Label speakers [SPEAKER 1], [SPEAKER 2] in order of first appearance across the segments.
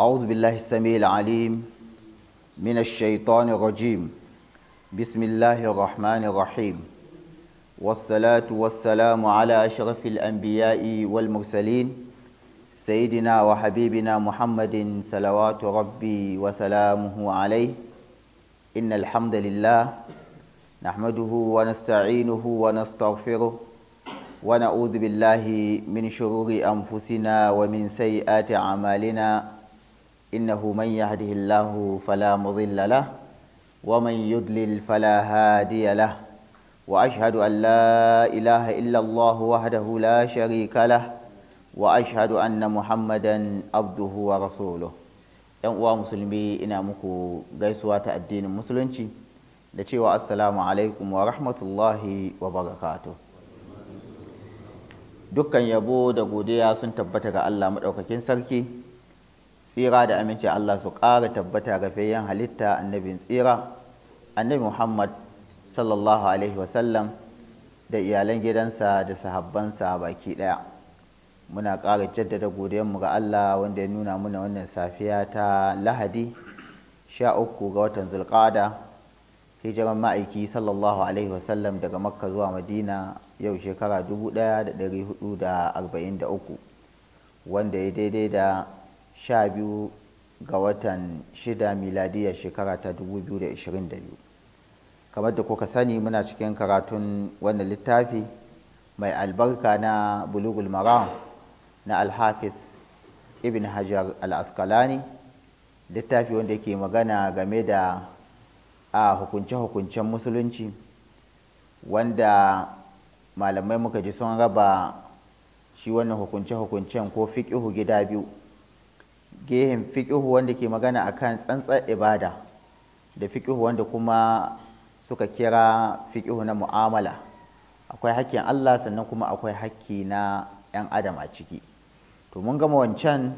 [SPEAKER 1] أعوذ بالله السميع العليم من الشيطان الرجيم بسم الله الرحمن الرحيم والصلاة والسلام على أشرف الأنبياء والمرسلين سيدنا وحبيبنا محمد صلوات ربي وسلامه عليه إن الحمد لله نحمده ونستعينه ونستغفره ونعوذ بالله من شرور أنفسنا ومن سيئات أعمالنا إنه من يهده الله فلا مضل له ومن يضلل فلا هادي له وأشهد أن لا إله إلا الله وحده لا شريك له وأشهد أن محمدا عبده ورسوله ‘yan uwa musulmi ina muku gaisuwa ta addinin musulunci da cewa assalamu alaikum wa rahmatullahi wa barakatu dukkan yabo da godiya sun tabbata ga Allah maɗaukakin sarki tsira da aminci Allah su ƙara tabbata ga fayyan halitta annabin tsira annabi Muhammad sallallahu alaihi wasallam da iyalan gidansa da sahabbansa baki ɗaya muna ƙara jaddada godiyanmu ga Allah wanda ya nuna muna wannan safiya ta lahadi sha uku ga watan zulƙada hijiran ma'aiki sallallahu alaihi wasallam daga makka zuwa madina yau shekara dubu ɗaya da da uku, wanda ya daidai da sha biyu ga watan shida miladiyar shekara ta 2022 kamar da kuka sani muna cikin karatun wannan littafi mai albarka na bulugul maram na Alhafis, ibn hajar al-askalani littafi wanda yake magana game da a hukunce-hukuncen musulunci wanda malamai muka ji sun raba shi wannan hukunce-hukuncen ko fiƙihu gida biyu gehen fiƙihu wanda ke magana a kan tsantsar ibada da fiƙihu wanda kuma suka kira fiƙihu na mu'amala akwai hakkin Allah sannan kuma akwai hakki na 'yan adam a ciki to mun gama wancan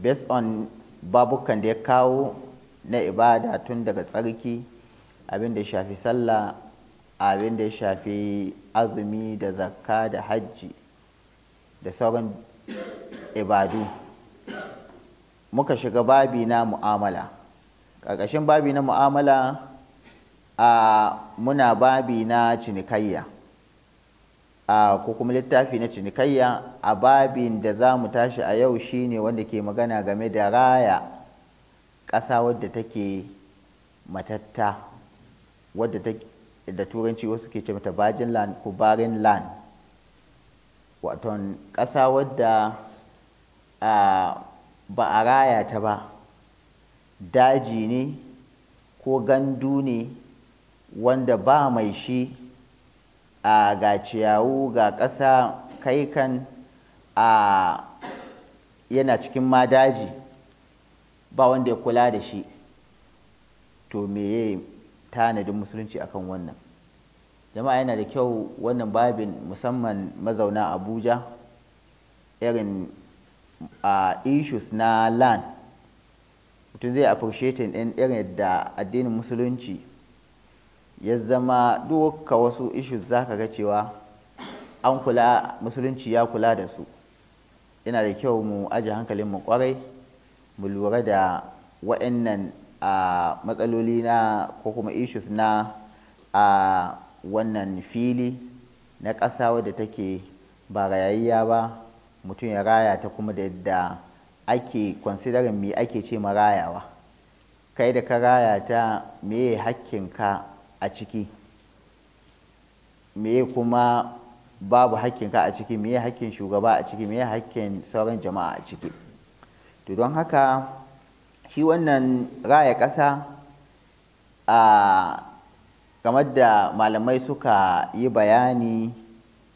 [SPEAKER 1] based on babukan da ya kawo na ibada tun daga tsarki abin da shafi sallah abin da ya shafi azumi da zakka da hajji da sauran ibadu muka shiga babi na mu'amala ƙarƙashin babi na mu'amala a muna babi na cinikayya a ko kuma littafi na cinikayya a babin da za mu tashi a yau shine wanda ke magana game da raya ƙasa wadda take matatta wadda ta da turanci wasu ke ce mata bajin land ko barin land waton ƙasa wadda ba a raya ta ba daji ne ko gandu ne wanda ba mai shi a ga ciyawu ga ƙasa kai kan a yana cikin ma daji ba wanda ya kula da shi to meye tanadin musulunci akan wannan jama'a yana da kyau wannan babin musamman mazauna abuja irin a uh, issues na land mutum zai appreciate ɗin irin da addinin musulunci ya zama duka wasu issues za ka ga cewa an kula musulunci ya kula da su yana da kyau mu aji hankalin mu kwarai mu lura da wa'annan a uh, matsaloli na ko kuma issues na a uh, wannan fili na ƙasa wadda take ba rayayya ba mutum ya raya ta kuma da yadda ake considering me ake ce ma rayawa kai da ka raya ta meye hakkinka a ciki meye kuma babu hakkinka a ciki meye hakkin shugaba a ciki meye hakkin sauran jama'a a ciki to don haka shi wannan raya ƙasa a kamar da malamai suka yi bayani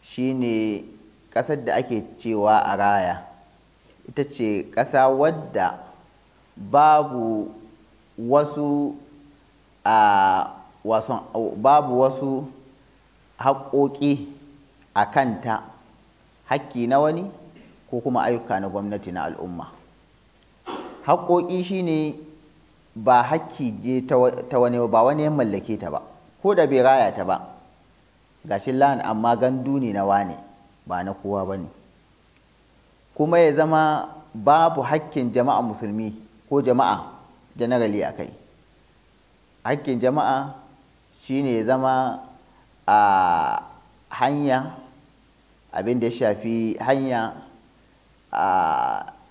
[SPEAKER 1] shine ƙasar da ake cewa a raya ita ce ƙasa wadda babu wasu a wasan babu wasu haƙoƙi a kanta haƙƙi na wani ko kuma ayyuka na gwamnati na al'umma haƙoƙi shine ba haƙƙi je ta wani ba wani ya mallake ta ba ko da bai raya ta ba gashi lan amma gandu ne na wane ba na kowa ba ne kuma ya zama babu hakkin jama'a musulmi ko jama'a janarali a kai hakkin jama'a shine ya zama a hanya abin da ya shafi hanya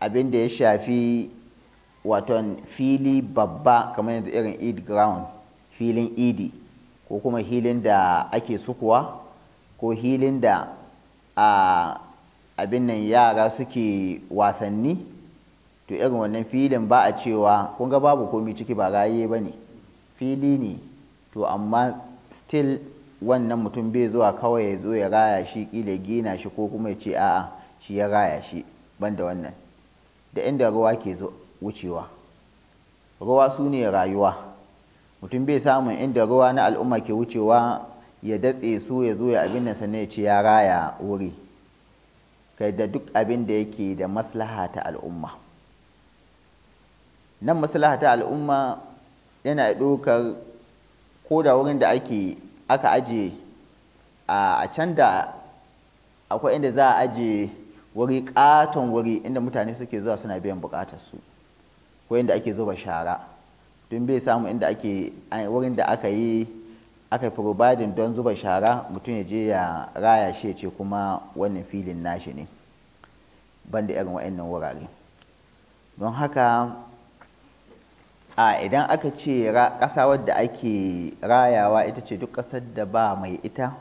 [SPEAKER 1] abin da ya shafi waton fili babba kamar yadda irin id ground filin idi ko kuma hilin da ake sukuwa ko hilin da a abin nan yara suke wasanni to irin wannan filin ba a cewa kun ga babu komi ciki ba raye ba ne fili ne to amma still wannan mutum bai zuwa kawai ya zo ya raya shi kila gina shi ko kuma ya ce a'a shi ya raya shi banda wannan da inda ruwa ke wucewa ruwa su ne rayuwa mutum bai samun inda ruwa na al'umma ke wucewa ya datse su ya zo ya abin nan sannan ya ce ya raya wuri kai da duk abin da yake da maslaha ta al'umma nan maslaha ta al'umma yana ɗaukar ko da wurin da ake aka aje a can da akwai inda za a aje wuri katon wuri inda mutane suke zuwa suna biyan bukatarsu ko inda ake zuba shara don bai samu inda ake wurin da aka yi aka providing don zuba shara mutum ya je ya raya shi ce kuma wannan filin nashi ne banda irin wa'annan wurare don haka a idan aka ce ƙasa wadda ake rayawa ita ce duk ƙasar da ba mai ita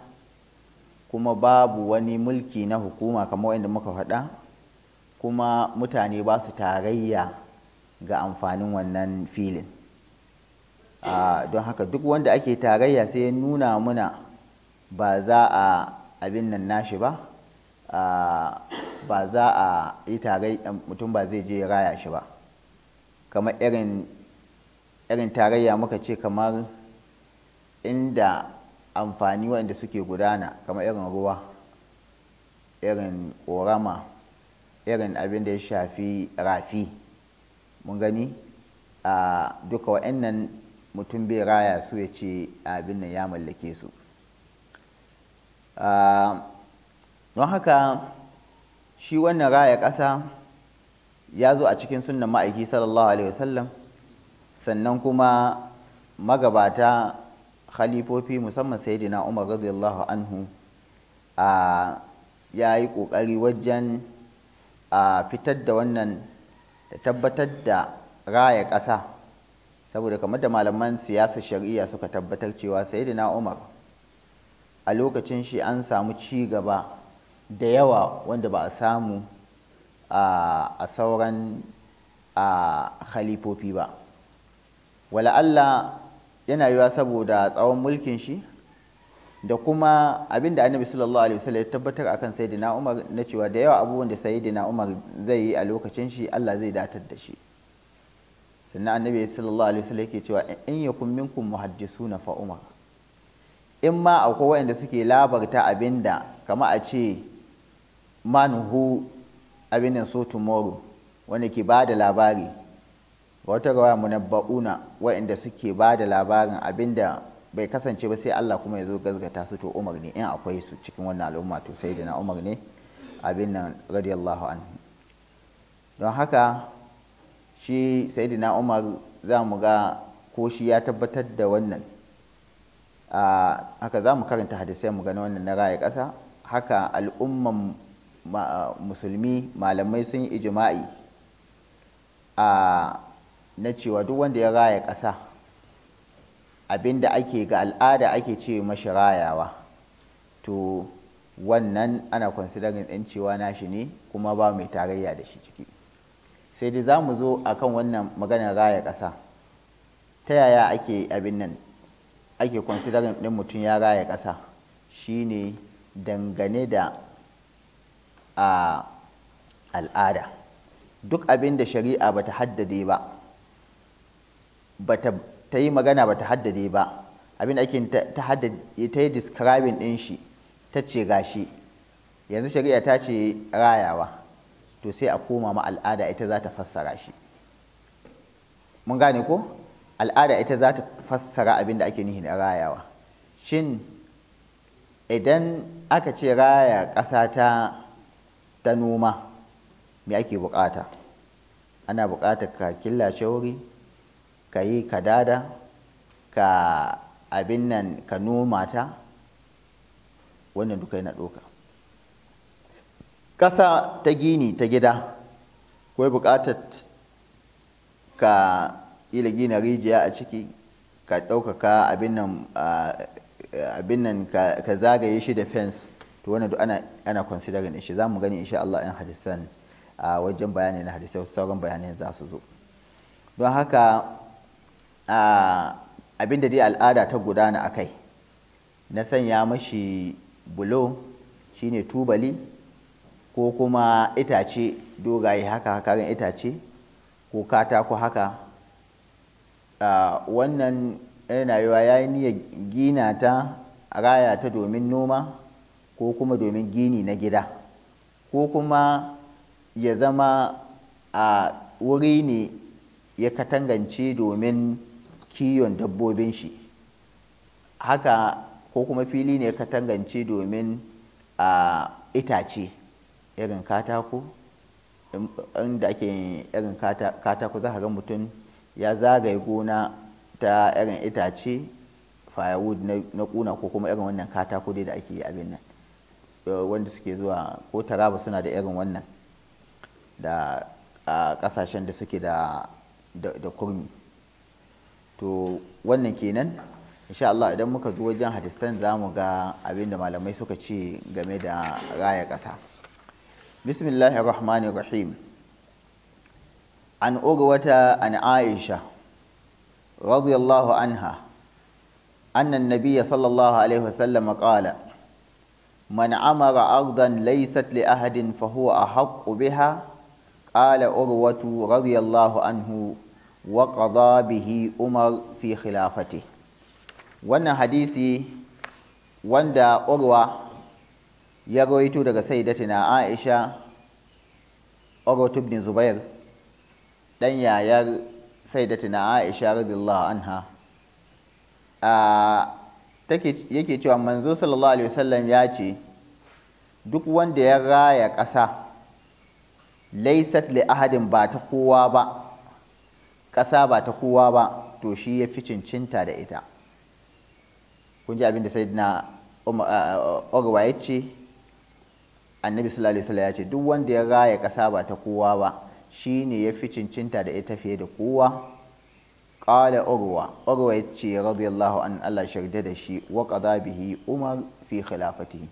[SPEAKER 1] kuma babu wani mulki na hukuma kamar wanda muka faɗa kuma mutane ba su tarayya ga amfanin wannan filin don haka duk wanda ake tarayya sai ya nuna muna ba za a abin nan nashi ba ba za a yi tarayya mutum ba zai je raya shi ba kamar irin tarayya muka ce kamar inda amfani waɗanda suke gudana kamar irin ruwa irin ƙorama irin abin da ya shafi rafi mun gani a duka waɗannan mutum bai raya su ya ce abin nan ya mallake su ah, don haka shi wannan raya ƙasa ya zo a cikin sunan ma'aiki sallallahu alaihi wasallam sannan kuma magabata khalifofi musamman sayyidina umar radiyallahu anhu a ya yi ƙoƙari wajen a fitar da wannan da tabbatar da raya ƙasa saboda kamar da malaman siyasa, shari'a suka tabbatar cewa Saidina umar a lokacin shi an samu ci gaba da yawa wanda ba a samu a sauran khalifofi ba wala Allah yana yiwa saboda tsawon mulkin shi da kuma abinda annabi sallallahu alaihi wasallam ya tabbatar akan sayyidina Umar na cewa da yawa abubuwan da sayyidina Umar zai yi a lokacin shi Allah zai datar da shi sannan annabi sallallahu alaihi wasallam yake cewa in yakun minkum muhaddisuna fa umar in ma akwai wanda suke labarta abinda kama a ce manhu abin so tomorrow wanda ke ba da labari wata rawaya munabba'una waɗanda suke ba da labarin abinda bai kasance ba sai Allah kuma ya zo gazgata su to Umar ne in akwai su cikin wannan al'umma to sai da na Umar ne abin nan radiyallahu anhu don haka shi sayyidina umar za mu ga ko shi ya tabbatar da wannan haka za mu karanta hadisai mu gani wannan na raya ƙasa haka al'umman musulmi malamai sun yi ijima'i a na cewa duk wanda ya raya ƙasa abinda ake ga al'ada ake ce mashi rayawa to wannan ana considering ɗin cewa nashi ne kuma ba mai tarayya da shi ciki sai dai za mu zo a kan wannan maganar raya ƙasa ta yaya ake abin nan ake considering ɗin mutum ya raya ƙasa shine dangane da a al'ada duk abin da shari'a bata haddade ba bata ta yi magana bata haddade ba abin da ake ta haddade ta yi describing ɗin shi ta ce gashi yanzu shari'a ta ce rayawa to sai a koma ma al'ada ita za ta fassara shi mun gane ko al'ada ita za ta fassara abin da ake nihi na rayawa shin idan aka ce raya ƙasa ta ta noma me ake bukata ana bukatar ka killa shauri, ka yi kadada ka abin nan ka noma ta wannan duka yana ɗoka ƙasa ta gini ta gida kawai buƙatar ka ila gina rijiya a ciki ka ɗaukaka abin nan ka zagaye shi da fence to wani duk ana considering shi za mu gani insha Allah in hadisan a wajen bayani na hadisai wasu sauran bayanai za su zo don haka abin da dai al'ada ta gudana a kai na sanya mashi bulo shine tubali ko kuma itace dogaye haka karin itace ko katako haka wannan yana yiwa ya yi niyyar gina ta raya ta domin noma ko kuma domin gini na gida ko kuma ya zama a wuri ne ya katangance domin kiyon dabbobin shi haka ko kuma fili ne ya katangance domin a itace irin katako inda ake irin katako za ka ga mutum ya zagaye gona ta irin itace firewood na kuna ko kuma irin wannan katako dai da ake yi abin nan eh, wanda suke zuwa ko taraba suna da irin wannan da a kasashen da suke da da kurmi to wannan kenan insha Allah idan muka zo wajen hadisan za mu ga abin da malamai suka ce game da raya ƙasa. بسم الله الرحمن الرحيم عن أروة عن عائشة رضي الله عنها أن النبي صلى الله عليه وسلم قال من عمر أرضا ليست لأحد فهو أحق بها قال أروة رضي الله عنه وقضى به عمر في خلافته wannan hadisi wanda urwa ya rawaito daga tina Aisha ogotub ibn Zubair dan yayar tina Aisha radiyallahu anha a take yake cewa manzo sallallahu alaihi wasallam ya ce duk wanda ya raya ƙasa laisat li ahadin ba ta kowa ba ƙasa ba ta kowa ba to shi ya fi cincinta da ita kun ji abin da sai na ya ce annabi sallallahu alaihi ya ce duk wanda ya raya kasa ba ta kowa ba shine ya fi cincinta da ita fiye da kowa qala urwa urwa yace radiyallahu an Allah sharda da shi wa qada bihi umar fi khilafatihi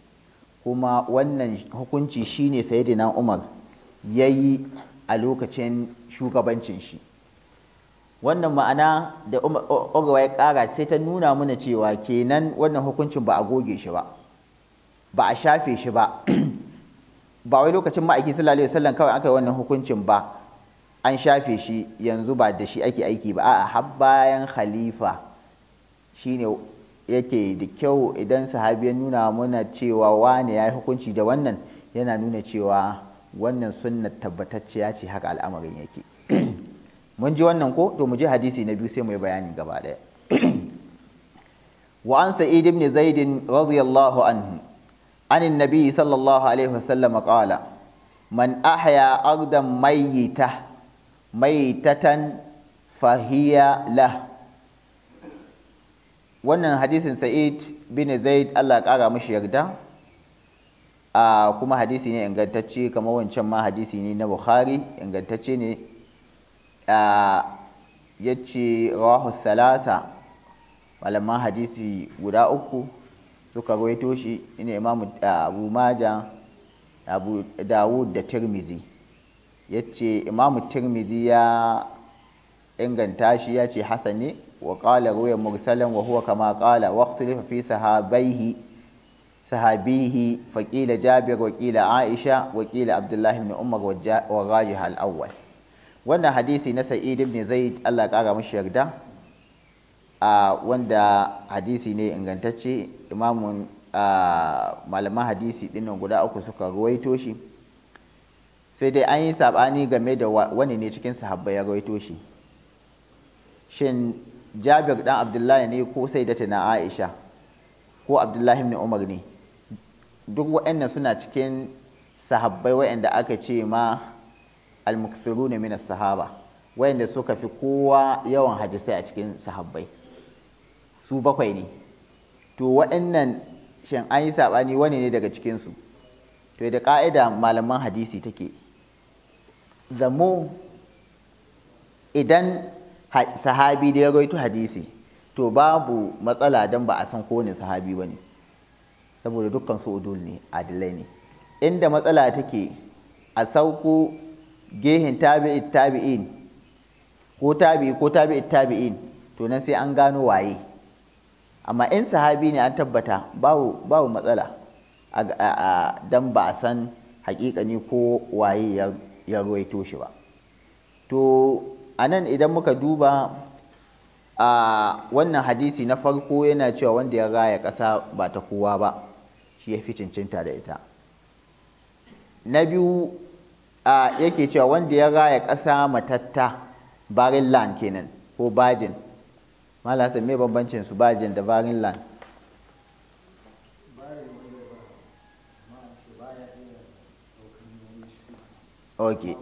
[SPEAKER 1] kuma wannan hukunci shine sayyidina umar yayi a lokacin shugabancin shi wannan ma'ana da urwa ya kara sai ta nuna mana cewa kenan wannan hukuncin ba a goge shi ba ba a shafe shi ba ba wai lokacin ma'aiki sallallahu alaihi wasallam kawai aka yi wannan hukuncin ba an shafe shi yanzu ba da shi ake aiki ba a'a har bayan khalifa shine yake da kyau idan sahabi ya nuna mana cewa wane ya yi hukunci da wannan yana nuna cewa wannan sunna tabbatacciya ce haka al'amarin yake mun ji wannan ko to mu je hadisi na biyu sai mu yi bayani gaba daya wa an sa'id ibn zaid radiyallahu anhu عن النبي صلى الله عليه وسلم قال من أحيا أرضا ميتة ميتة فهي له wannan hadisin sa'id bin zaid allah ƙara mashi yarda a kuma hadisi ne ingantacce kamar wancan ma hadisi ne na bukhari ingantacce ne ya ce rawahu salasa malaman hadisi guda uku suka rawaito shi ina imamu ah, abu maja abu dawud da tirmizi ya ce imamu tirmizi ya inganta shi ya ce hasani wa kala ruwan mursalan wa huwa kama ƙala ne fi sahabaihi sahabihi faƙila jabir waƙila aisha waƙila abdullahi ibn umar wa raji hal'awar wannan hadisi na sa'id ibn zaid Allah ƙara mashi yarda ah, wanda hadisi ne ingantacce imamun malaman hadisi dinnan guda uku suka ruwaito shi sai dai an yi saɓani game da wani ne cikin sahabba ya ruwaito shi shin jabir dan abdullahi ne ko sai da tana aisha ko abdullahi ibn umar ne duk waɗannan suna cikin sahabbai waanda aka ce ma almuksiru ne minas sahaba wayanda suka fi kowa yawan hadisai a cikin sahabbai su bakwai ne to waɗannan shin an yi saɓani wane ne daga cikinsu to da ƙa'ida malaman hadisi take zamo idan sahabi da ya roito hadisi to babu matsala don ba a san kowane sahabi ba ne saboda dukkan su udul ne adilai ne inda matsala take a sauko gehen tabi'in tabi'in ko tabi'i ko tabi'in tabi'in to nan sai an gano waye amma in sahabi ne an tabbata babu babu matsala a dan ba a san hakikani ko waye ya ruwaito shi ba to anan idan muka duba a wannan hadisi na farko yana cewa wanda ya raya kasa ba ta kowa ba shi ya fi cincinta da ita na biyu yake cewa wanda ya raya kasa matatta barin land kenan ko bajin mala sai me bambancin su bajin da barin land ok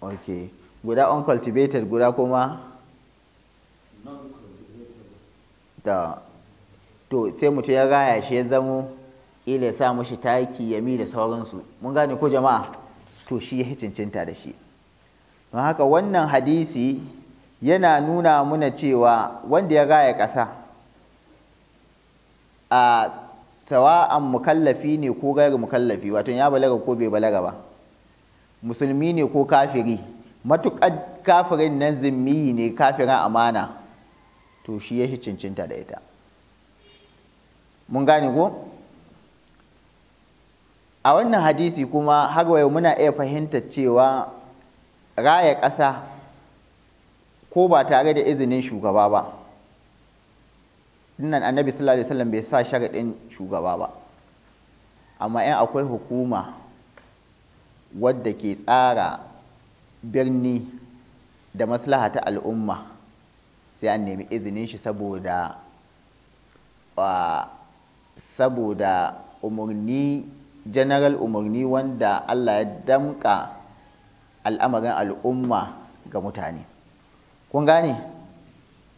[SPEAKER 1] ok guda uncultivated guda kuma da to sai mutum ya raya shi ya zamo ila ya sa mashi taki mi da sauransu mun gane ko jama'a to shi ya cincinta da shi don haka wannan hadisi yana nuna muna cewa wanda ya raya kasa. a sawa'an mukallafi ne ko gairu mukallafi wato ya balaga ko bai balaga ba musulmi ne ko kafiri matuƙar kafirin nan zimmi ne kafirin amana to shi ya cincinta da ita mun gane ko a wannan hadisi kuma har wayo muna iya fahimtar cewa raya ƙasa ko ba tare da izinin shugaba ba dinnan annabi sallallahu alaihi wasallam bai sa sharaɗin shugaba ba amma in akwai hukuma wadda ke tsara birni da maslaha ta al'umma sai an nemi izinin shi saboda saboda umarni general umarni wanda allah ya damka al'amarin al'umma ga mutane kun gane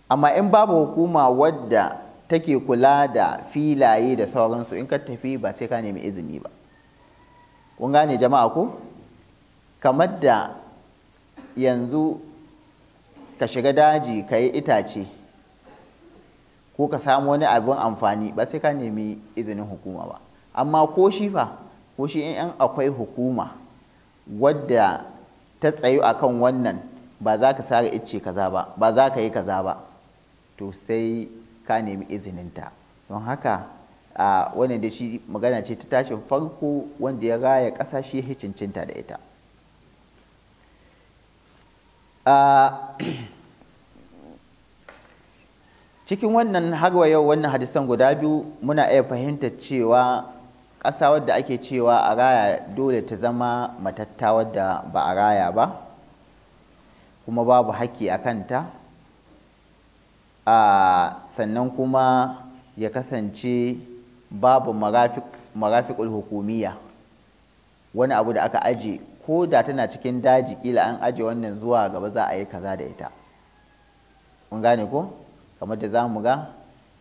[SPEAKER 1] amma in babu hukuma wadda take kula da filaye da sauransu in ka tafi ba sai ka nemi izini ba kun gane jama'a ko kamar da yanzu ka shiga daji ka yi itace ko ka samu wani abin amfani ba sai ka nemi izinin hukuma ba amma ko shi fa ko shi in akwai hukuma wadda ta tsayu akan wannan ba za ka sare icce kaza ba ba za ka yi kaza ba to sai ka nemi izininta don haka a wannan da shi magana ce ta tashin farko wanda ya raya ƙasa shi ya cincinta da ita cikin wannan harwa yau wannan hadisan guda biyu muna iya fahimta cewa ƙasa wadda ake cewa a raya dole ta zama matatta wadda ba a raya ba kuma babu haƙƙi a kanta sannan kuma ya kasance babu marafiƙul hukumiya wani abu da aka aje ko da tana cikin daji kila an aje wannan zuwa gaba za a yi kaza da ita kun gane ko kamar da za mu ga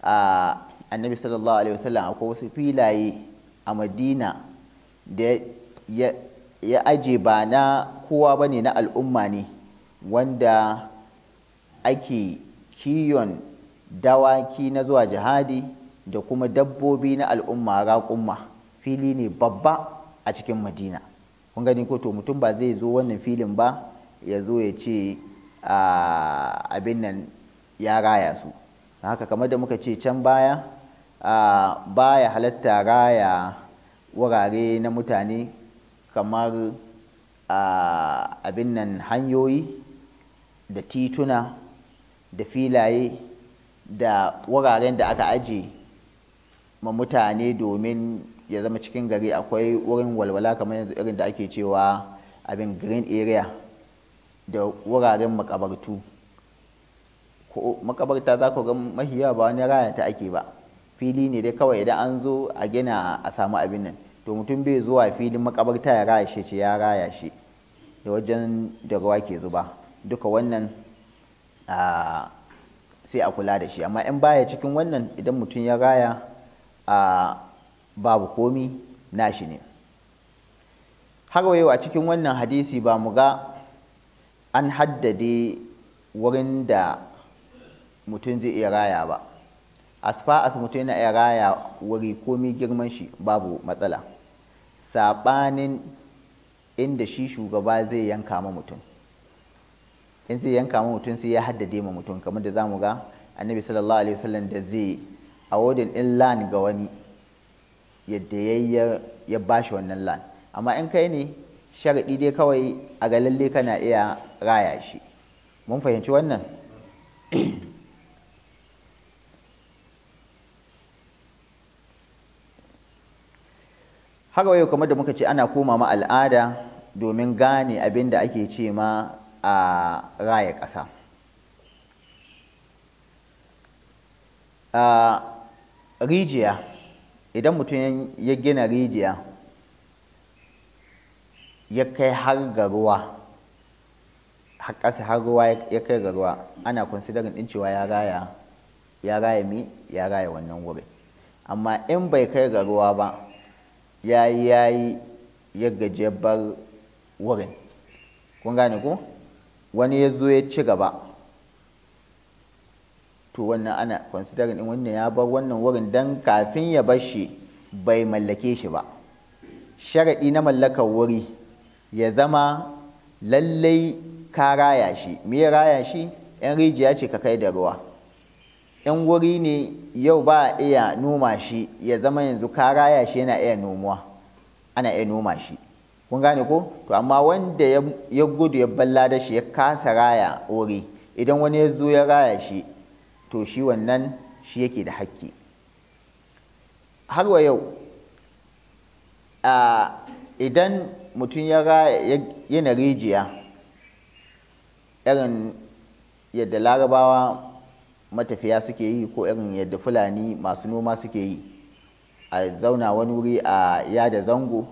[SPEAKER 1] a annabi sallallahu alaihi wasallam akwai wasu filaye a madina da ya aje ba na kowa ba ne na al'umma ne wanda ake kiyon dawaki na zuwa jihadi da kuma dabbobi na al'umma raƙumma fili ne babba a cikin madina kun gani ko to mutum ba zai zo wannan filin ba ya zo ya ce ah, abin nan ya raya su haka kamar da muka ce can baya ah, baya halatta raya wurare na mutane kamar ah, abin nan hanyoyi da tituna da filaye da wuraren da aka aje ma mutane domin ya zama cikin gari akwai wurin walwala kamar yanzu irin da ake cewa abin green area da wuraren makabartu ko makabarta za ku ga mahiya ba wani raya ta ake ba fili ne dai kawai idan an zo a gina a samu abin nan to mutum bai zuwa filin makabarta ya raya shi ya raya shi da wajen da ruwa ke zuba duka wannan sai a kula da shi amma in baya cikin wannan idan mutum ya raya a babu komi nashi ne har wayo a cikin wannan hadisi ba mu ga an haddade wurin da mutum zai iya raya ba Asfa'as mutum yana iya raya wuri komi girman shi babu matsala saɓanin inda shi shugaba zai yanka ma mutum in zai yanka ma mutum sai ya haddade ma mutum kamar da zamu ga annabi sallallahu alaihi wasallam da zai a wodin din lan ga wani yadda ya ya bashi wannan lan amma in kai ne sharaɗi dai kawai a ga lalle kana iya raya shi mun fahimci wannan har yau kamar da muka ce ana koma ma al'ada domin gane abin da ake ce ma a raya ƙasa rijiya idan mutum ya gina rijiya ya kai har ga ruwa har ƙasa har ruwa ya kai ga ruwa ana considering ɗin cewa ya raya ya raya mi ya raya wannan wurin amma in bai kai ga ruwa ba ya yi ya yi ya gaje bar wurin kun gane ko wani ya zo ya ci gaba to wannan ana considering din wannan ya bar wannan wurin dan kafin ya bar shi bai mallake shi ba sharaɗi na mallakar wuri ya zama lallai ka raya shi me ya raya shi yan rijiya ce ka kai da ruwa yan wuri ne yau ba a iya noma shi ya zama yanzu ka raya shi yana iya nomuwa ana iya noma shi kun gane ko to amma wanda ya gudu ya balla da shi ya kasa raya ori idan wani ya zo ya raya shi to shi wannan shi yake da hakki har wa yau idan mutum ya raya yana rijiya irin yadda larabawa matafiya suke yi ko irin yadda fulani masu noma suke yi a zauna wani wuri a yada zango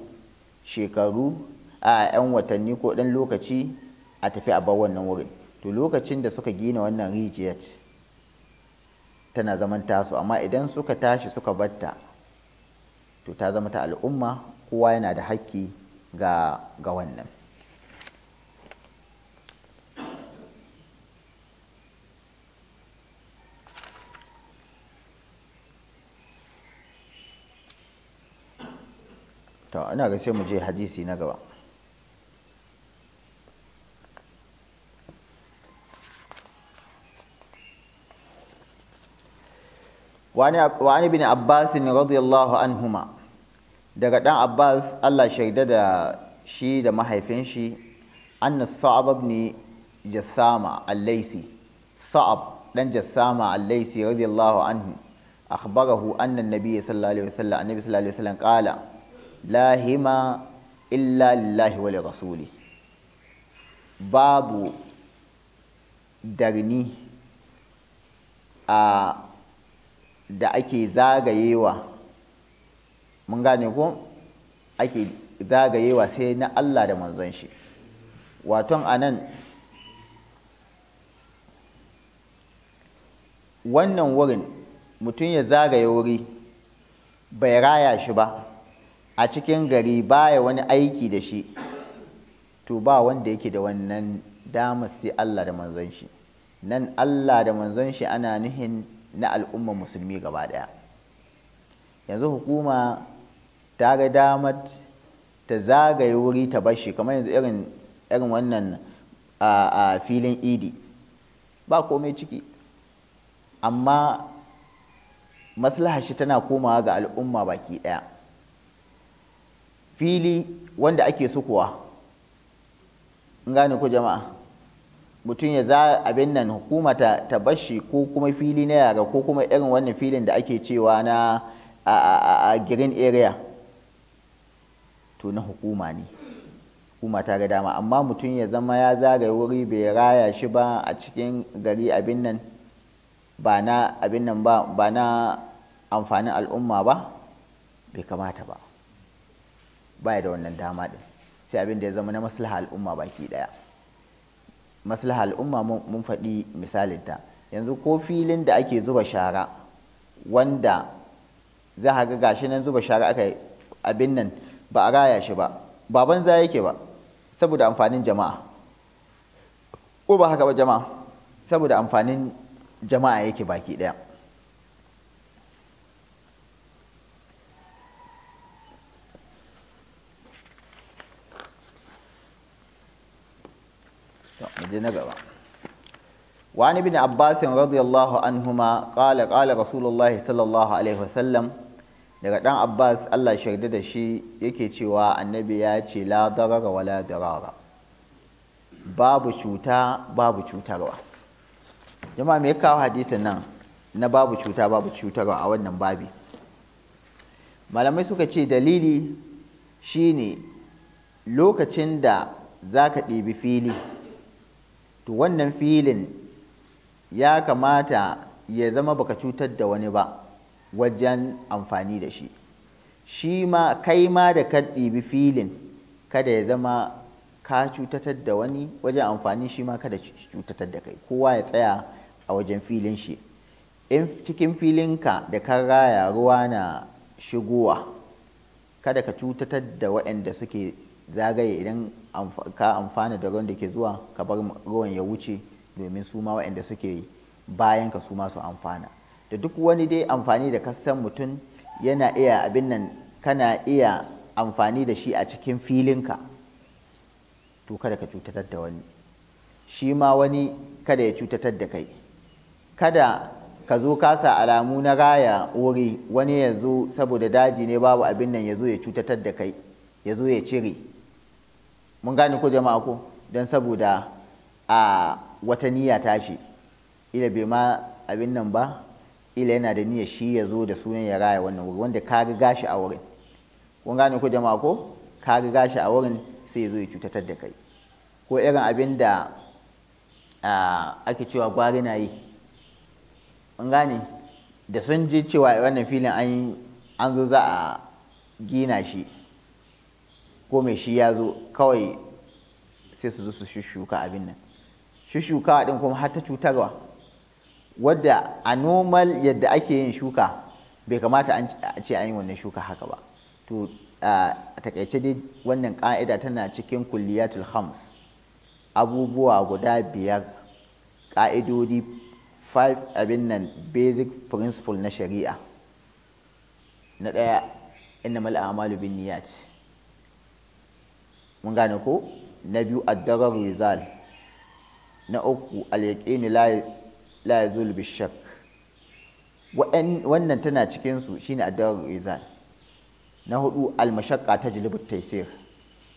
[SPEAKER 1] shekaru a 'yan watanni ko ɗan lokaci a tafi a bar wannan wurin to lokacin da suka gina wannan rijiyar tana zaman tasu amma idan suka tashi suka batta to ta zama ta al'umma kowa yana da haƙƙi ga wannan to ina ga sai mu je hadisi na gaba wani bin abbasin radiyallahu anhuma daga dan abbas allah shaida da shi da mahaifin shi anna sa'ab ibn jassama allaisi sa'ab dan jassama allaisi radiyallahu anhu akhbarahu anna an-nabiy sallallahu alaihi wasallam annabi sallallahu alaihi wasallam qala lahima illa lillahi wa rasuli babu darni a da ake zagayewa mun gane ko ake zagayewa sai na Allah da manzon shi waton anan wannan wurin mutum ya zagaye wuri bai raya shi ba a cikin gari baya wani aiki da shi to ba wanda yake da wannan damar sai Allah da manzon shi nan Allah da manzon shi ana nuhin na al'umma musulmi gaba daya yanzu hukuma ta ga damar ta zagaye wuri ta bashi kamar yanzu irin irin wannan a filin idi ba komai ciki amma maslaha shi tana komawa ga al'umma baki daya fili wanda ake sukuwa gane ku jama'a mutum ya za abin nan hukuma ta, bashi ko kuma fili na yara ko kuma irin wannan filin da ake cewa na a, a, green area to na hukuma ne hukuma ta ga dama amma mutum ya zama ya zagaye wuri bai raya shi ba a cikin gari abin nan ba na abin nan ba na amfanin al'umma ba bai kamata ba baya da wannan dama din sai abin da ya zama na maslaha al'umma baki daya maslaha al'umma mun faɗi misalin ta yanzu ko filin da ake zuba shara wanda za a ga gashi nan zuba shara aka abin nan ba a raya shi ba baban za yake ba saboda amfanin jama'a ko ba haka ba jama'a saboda amfanin jama'a yake baki ɗaya. وعن ابن عباس رضي الله عنهما قال قال رسول الله صلى الله عليه وسلم daga dan Abbas Allah shaida da shi yake cewa annabi ya ce la darara la darara babu cuta babu cutarwa jama'a mai ya kawo hadisin nan na babu cuta babu cutarwa a wannan babi malamai suka ce dalili shi ne lokacin da za ka ɗibi fili to wannan filin ya kamata ya zama baka cutar da wani ba wajen amfani da shi shi ma kai ma da ka ɗibi filin kada ya zama ka cutatar da wani wajen amfani shi ma kada cutatar da kai kowa ya tsaya a wajen filin shi in cikin filinka da ka raya ruwa na shigowa kada ka cutatar da waɗanda suke zagaye idan ka amfana da ruwan da ke zuwa ka bar ruwan ya wuce domin su ma waɗanda suke bayan ka su masu su amfana da duk wani dai amfani da kasan mutum yana iya abin nan kana iya amfani da shi a cikin filinka to kada ka cutatar da wani shi ma wani kada ya cutatar da kai kada ka zo kasa alamu na raya wuri wani ya zo saboda daji ne babu abin nan ya zo ya cutatar da kai ya zo ya cire mun gane ko jama'a ko don saboda a ah, wata niyya tashi ila bai ma abin nan ba ila yana da niyya shi ya zo da sunan ya raya wannan wuri wanda ka ga gashi a wurin kun gane ku jama'a ko ka ga gashi a wurin sai ya zo ya cutatar da kai ko irin abin da ake cewa gwari na yi kun gane da sun ji cewa wannan filin an zo za a gina shi ko mai shi ya zo kawai sai su zo su shushuka abin nan shushuka din kuma har ta cutarwa wadda a normal yadda ake yin shuka bai kamata a ce an yi wannan shuka haka ba to a takaice dai wannan ka'ida tana cikin kulliyatul hams abubuwa guda biyar ka'idodi five abin nan basic principle na shari'a na ɗaya mal a'malu bin niyat mun gane ko na biyu ad-darar rizal na uku al-yaqini la yazul wannan tana cikinsu, su shine addu'ar izan na hudu al ta tajlibu taysir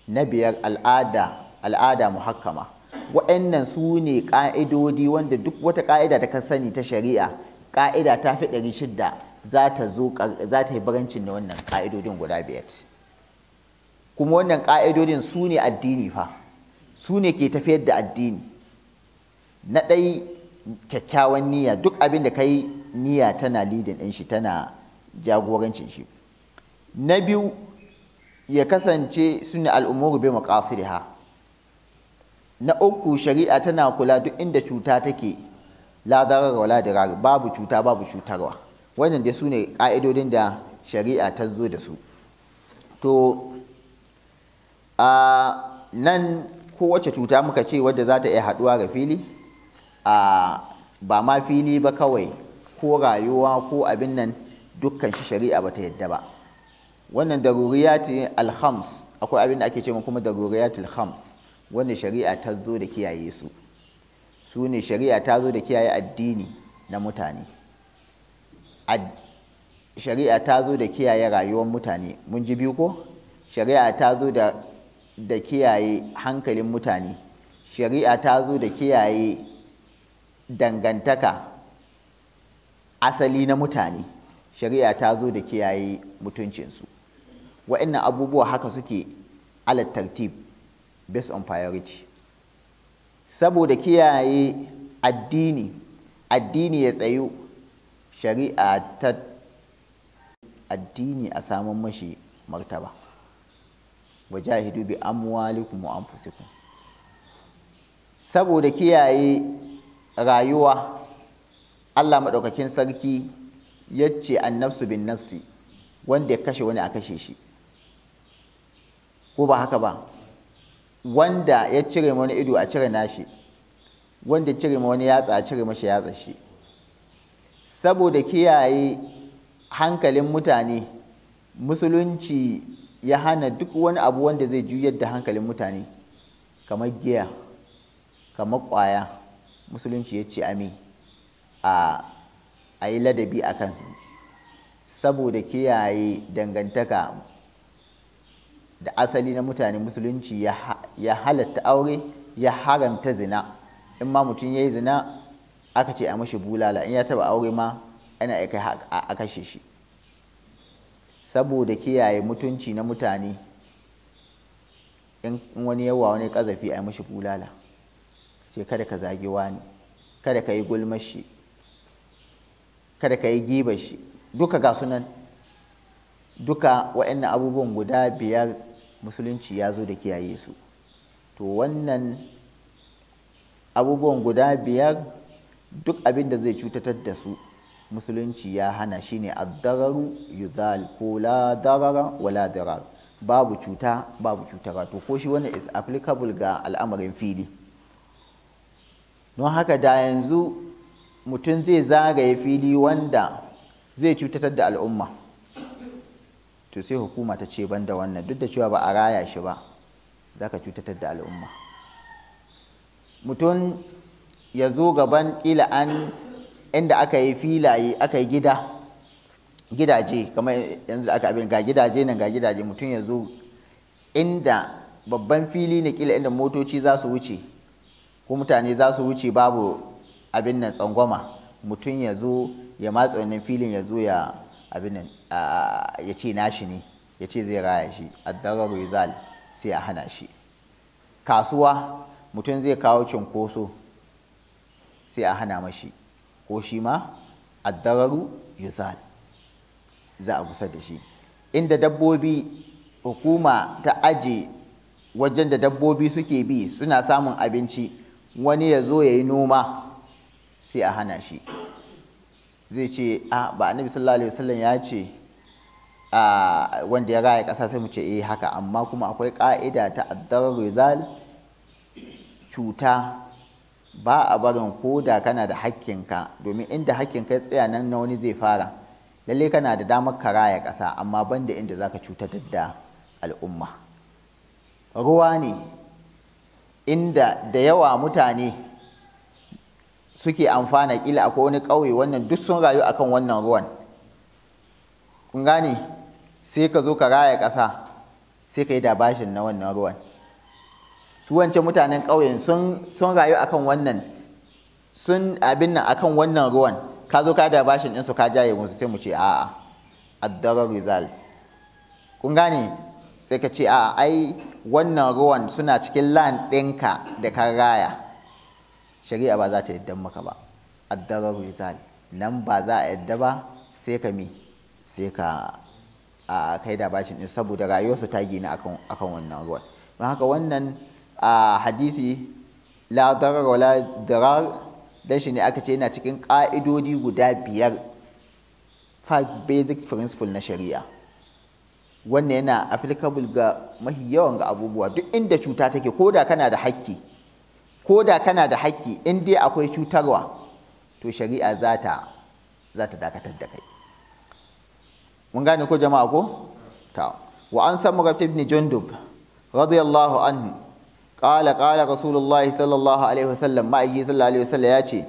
[SPEAKER 1] na biyar al'ada al'ada muhakkama wa'annan su ne ƙa'idodi wanda duk wata ƙa'ida ta sani ta shari'a ƙa'ida ta fi ɗari shidda za ta zo za ta yi barancin da wannan ƙa'idodin guda biyar kuma wannan ƙa'idodin su ne addini fa su ne ke tafiyar da addini na ɗai kyakkyawan niyya duk abin da kai niyya tana lidin ɗin shi tana jagorancin shi na biyu ya kasance suna al'umuru bai ha. na uku shari'a tana kula duk inda cuta take ladarar wa ladarar babu cuta babu cutarwa wannan dai su ne ƙa'idodin da shari'a ta zo da su to a nan kowace cuta muka ce wadda za ta iya haɗuwa ga fili a ba ma fili ba kawai ko rayuwa ko abin nan dukkan shi shari'a ba ta yadda ba wannan daruriyati alhams akwai abin da ake ce kuma daruriyati alhams wanda shari'a ta zo da kiyaye su su ne shari'a ta zo da kiyaye addini na mutane shari'a ta zo da kiyaye rayuwar mutane mun ji biyu ko shari'a ta zo da kiyaye hankalin mutane shari'a ta zo da kiyaye dangantaka asali na mutane shari'a ta zo da kiyaye mutuncinsu wa'annan abubuwa haka suke ala tartib based on priority saboda kiyaye addini addini ya tsayu shari'a ta addini a samun mashi martaba wajahidu bi amwalikum wa anfusikum saboda kiyaye rayuwa Allah maɗaukakin sarki ya ce an nafsu bin nafsi wanda ya kashe wani a kashe shi ko ba haka ba wanda ya cire ma wani ido a cire nashi wanda ya cire wani yatsa a cire mashi yatsa shi saboda kiyaye hankalin mutane musulunci ya hana duk wani abu wanda zai juyar da hankalin mutane kamar giya kamar ƙwaya musulunci ya ce ami a a yi ladabi a kan saboda kiyaye dangantaka da asali na mutane musulunci ya halatta aure ya haramta zina in ma mutum ya yi zina aka ce a mashi bulala in ya taba aure ma ana aika a kashe shi saboda kiyaye mutunci na mutane in wani yawa wani kazafi a mashi bulala ce kada ka zagi wani kada ka yi gulmashi shi kada ka yi gibashi duka ga sunan duka wa'annan abubuwan guda biyar musulunci ya zo da kiyaye su to wannan abubuwan guda biyar duk abin da zai cutatar da su musulunci ya hana Shi ne addararu yuzal ko la darara Ladarar. babu cuta babu cutarwa to ko shi wannan is applicable ga al'amarin fili don haka da yanzu mutum zai zagaye fili wanda zai cutatar da al'umma to sai hukuma ta ce ban da wannan duk da cewa ba a raya shi ba za ka cutatar da al'umma mutum ya zo gaban kila an inda aka yi filaye aka yi gida gidaje kamar yanzu aka abin ga gidaje nan ga gidaje mutum ya zo inda babban fili ne kila inda motoci za su wuce ko mutane za su wuce babu abin nan tsangwama mutum ya zo ya matsa wannan filin ya zo ya abin nan ya ce nashi ne ya ce zai raya shi addararu rizal sai a hana shi kasuwa mutum zai kawo cinkoso sai a hana mashi ko shi ma addararu yuzal za a gusa da shi inda dabbobi hukuma ta aje wajen da dabbobi suke bi suna samun abinci wani ya zo ya yi noma sai a hana shi zai ce a ba annabi sallallahu alaihi wasallam ya ce a wanda ya raya ƙasa sai mu ce eh haka amma kuma akwai ƙa'ida ta addar rizal cuta ba a barin ko da kana da hakkinka domin inda hakkinka ya tsaya nan na wani zai fara lalle kana da damar ka raya ƙasa amma banda inda zaka cutar da al'umma ruwa ne inda da yawa mutane suke amfana kila a wani ƙauye wannan duk sun rayu a kan wannan ruwan kun gane sai ka zo ka raya ƙasa sai ka yi dabashin na wannan ruwan su wancan mutanen ƙauyen sun rayu a kan wannan sun abin nan kan wannan ruwan ka zo ka dabashin ɗinsu ka jaye musu sai mu ce a'a addarar rizal kun gane sai ka ce a'a ai wannan ruwan suna cikin lan ɗinka da ka raya shari'a ba za ta yadda maka ba addarar rizal nan ba za a yadda ba sai ka mi sai ka a kai da bashin din. saboda rayuwarsu ta gina akan wannan ruwan don haka wannan hadisi la darar wa la darar dan shi ne aka ce yana cikin ƙa'idodi guda biyar five basic principle na shari'a wannan yana applicable ga mahi yawan ga abubuwa duk inda cuta take ko da kana da hakki ko da kana da hakki in dai akwai cutarwa to shari'a za ta za ta dakatar da kai mun gane ko jama'a ko ta wa an san rabta ibn jundub radiyallahu anhu qala qala rasulullahi sallallahu alaihi wasallam ma'aji sallallahu alaihi wasallam ya ce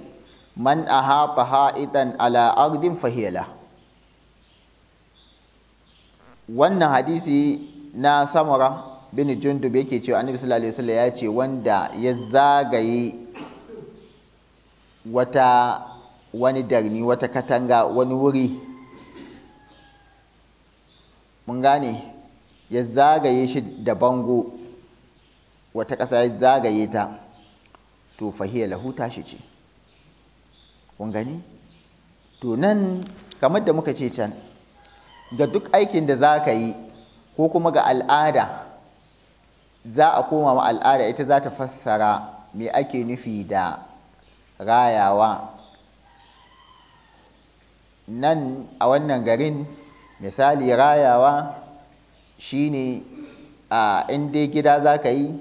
[SPEAKER 1] man ahata ha'itan ala ardin fahiyala wannan hadisi na samura bin jundub yake cewa annabi sallallahu alaihi wasallam ya ce wanda ya zagaye wata wani darni wata katanga wani wuri mun gane ya zagaye shi da bango wata ƙasa ya zagaye ta to fahiyar lahuta shi ce kun gani to nan kamar da muka ce can ga duk aikin da za ka yi ko kuma ga al'ada za a koma ma al'ada ita za ta fassara me ake nufi da rayawa nan a wannan garin misali rayawa shine a inda gida za ka yi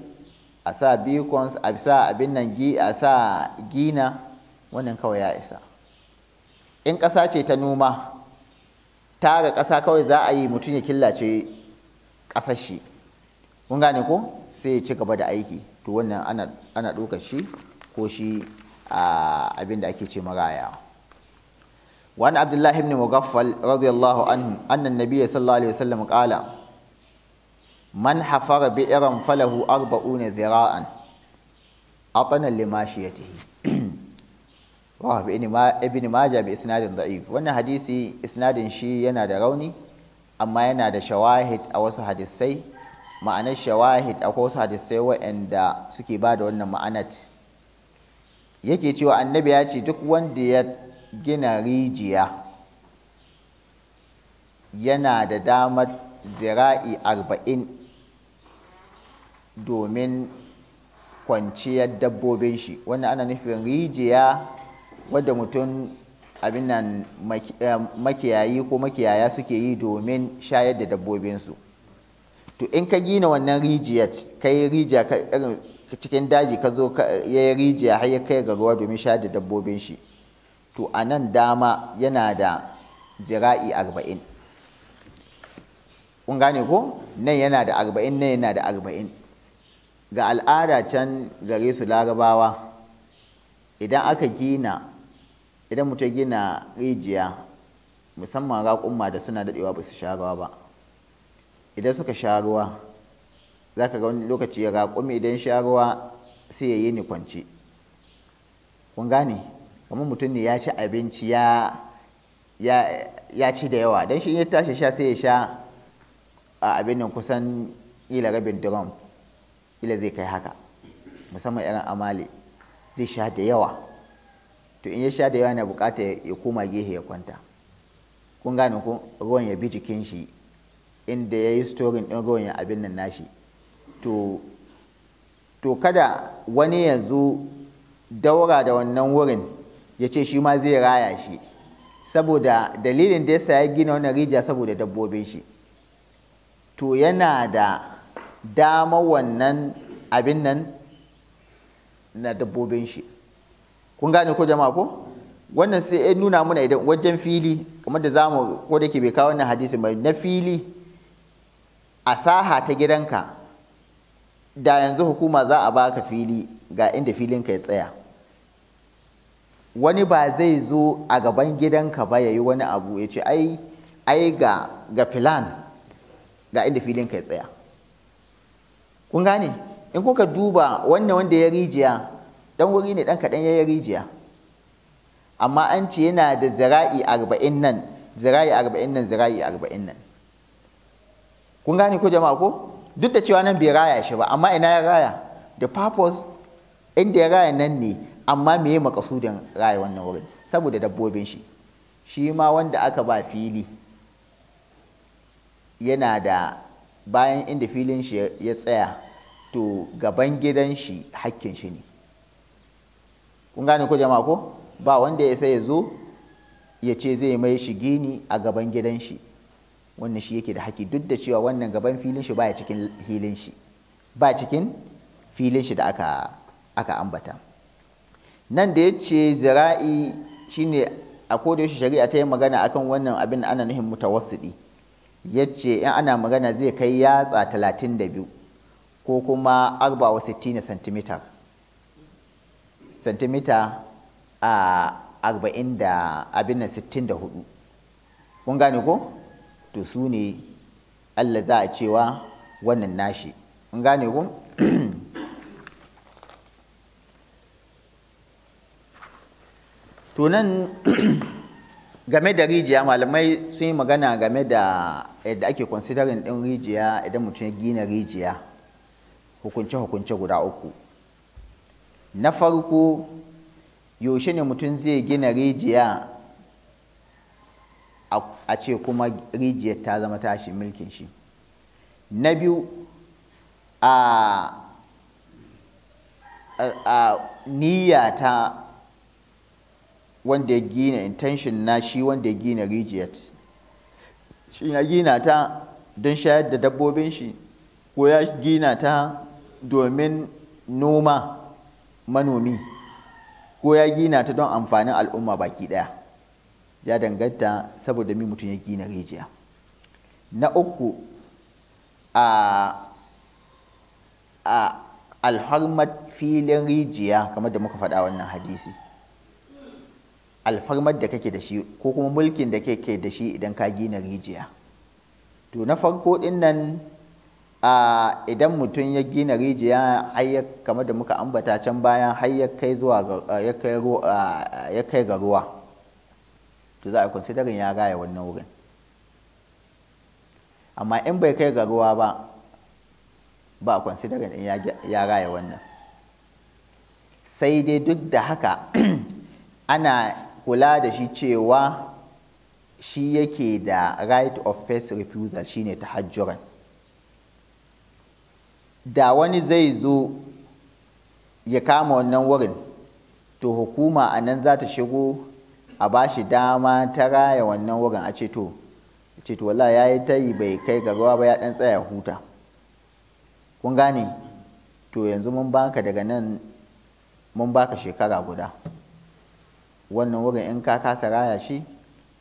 [SPEAKER 1] a sa beacons a sa abin nan a sa gina wannan kawai ya isa in ƙasa ce ta noma taga ƙasa kawai za a yi mutum ya killace ƙasar shi mun gane ko sai ya ci gaba da aiki to wannan ana ɗaukar shi ko shi abin da ake ce maraya wani abdullahi ibn mugaffal radiyallahu anhu annan nabi sallallahu alaihi wasallam qala man hafara bi'ran falahu arba'una zira'an ya limashiyatihi rawahu ibn majah bi isnadin da'if wannan hadisi isnadin shi yana da rauni amma yana da shawahid a wasu hadisai ma'anar shawahid a wasu hadisai waɗanda suke ba da wannan ma'anat yake cewa annabi ya ce duk wanda ya gina rijiya yana da damar zira'i arba'in domin kwanciyar dabbobin shi wannan ana nufin rijiya wadda mutum abin nan eh, makiyayi ko makiyaya suke yi domin shayar da dabbobinsu to in ka gina wannan rijiyat, ka yi rijiya cikin daji ka zo ya yi rijiya har ya kai ga ruwa domin shayar da dabbobin shi to a nan dama yana da zira'i arba'in kun gane ko nan yana da arba'in nan yana da arba'in ga al'ada can gare su larabawa idan aka gina idan mutum gina rijiya musamman raƙumma da suna daɗewa ba su sha ruwa ba idan suka sha ruwa za ka ga wani lokaci ya raƙumi idan sha sai ya yi ni kwance kun gane kamar mutum ne ya ci abinci ya ci da yawa don shi ya tashi sha sai ya sha a abin nan kusan ila rabin drum ila zai kai haka musamman irin amali zai sha da yawa to in ya sha da yawa yana bukata ya koma gehe ya kwanta kun gane ko ruwan ya bi jikin shi inda ya yi storin ɗin ruwan ya abin nan nashi to kada wani ya zo daura da wannan wurin ya ce shi ma zai raya shi saboda dalilin da yasa ya gina wannan rija saboda dabbobin shi to yana da dama wannan abin nan na dabbobin shi kun gane ko jama'a ko wannan sai ya nuna muna idan wajen fili kamar da zamu ko da ke bai kawo wannan hadisi, mai na fili a saha ta gidanka da yanzu hukuma za a baka fili ga inda filinka ya tsaya wani ba zai zo a gaban gidanka ba ya yi wani abu ya ce ai ai ga ga filan ga inda filinka ya tsaya kun gane in kuka duba wannan wanda ya rijiya dan wuri ne dan kaɗan yayi rijiya amma an ce yana da zira'i arba'in nan zira'i arba'in nan zira'i arba'in nan kun gane ko jama'a ko duk da cewa nan bai raya shi ba amma ina ya raya da purpose inda ya raya nan ne amma me ya makasudin raya wannan wurin saboda dabbobin shi shi ma wanda aka ba fili yana da bayan inda filin shi ya tsaya to gaban gidan shi hakkin shi ne kun gane ko jama'a ko ba wanda ya sai ya zo ya ce zai mai shi gini a gaban gidan shi wannan shi yake da haki duk da cewa wannan gaban filin shi baya cikin hilin shi ba cikin filin shi da aka aka ambata nan da ya ce zira'i shine a kodayaushe shari'a ta yi magana akan wannan abin ana nuhin mutawassidi ya ce in ana magana zai kai yatsa 32 ko kuma 64 cm santimita a arba'in da abin nan sittin da hudu kun gane ko to su ne allah za a cewa wannan nashi kun gane ko to game da rijiya malamai sun yi magana game da yadda ake considering ɗin rijiya idan mutum ya gina rijiya hukunce-hukunce guda uku na farko yaushe ne mutum zai gina rijiya a ce kuma rijiyar ta zama tashi mulkin shi na biyu a niyya ta wanda ya gina intention na shi wanda ya gina rijiyar shi ya gina ta don shayar da dabbobin shi ko ya gina ta domin noma manomi ko ya gina ta don amfanin al'umma baki ɗaya ya danganta saboda mi mutum ya gina rijiya na uku a a filin rijiya kamar da muka faɗa wannan hadisi alfarmar da kake da shi ko kuma mulkin da kake da shi idan ka gina rijiya to na farko ɗin nan idan mutum ya gina rijiya har kamar da muka ambata can bayan har ya kai zuwa ya kai ga ruwa to za a considering ya raya wannan wurin amma in bai kai ga ruwa ba ba a considering in ya raya wannan sai dai duk da haka ana kula da shi cewa shi yake da right of first refusal shine tahajjuran da wani zai zo ya kama wannan wurin to hukuma a nan za ta shigo a ba shi dama ta raya wannan wurin a ce to wala ya yi ta yi bai kai ga rawa ba ya dan tsaya huta kun gane to yanzu mun baka daga nan mun baka shekara guda wannan wurin in ka kasa raya shi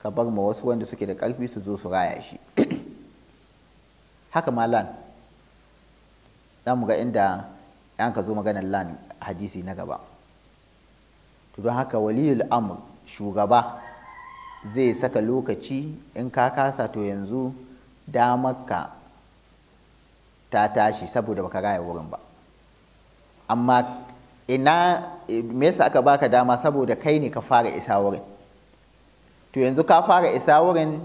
[SPEAKER 1] ka bar ma wasu wanda suke da ƙarfi su zo su raya shi haka malan za mu ga inda an ka zo maganar lan hadisi na gaba to don haka waliyul amr shugaba zai saka lokaci in ka kasa to yanzu damarka ta tashi saboda baka raya wurin ba amma ina me yasa aka baka dama saboda kai ne ka fara isa wurin to yanzu ka fara isa wurin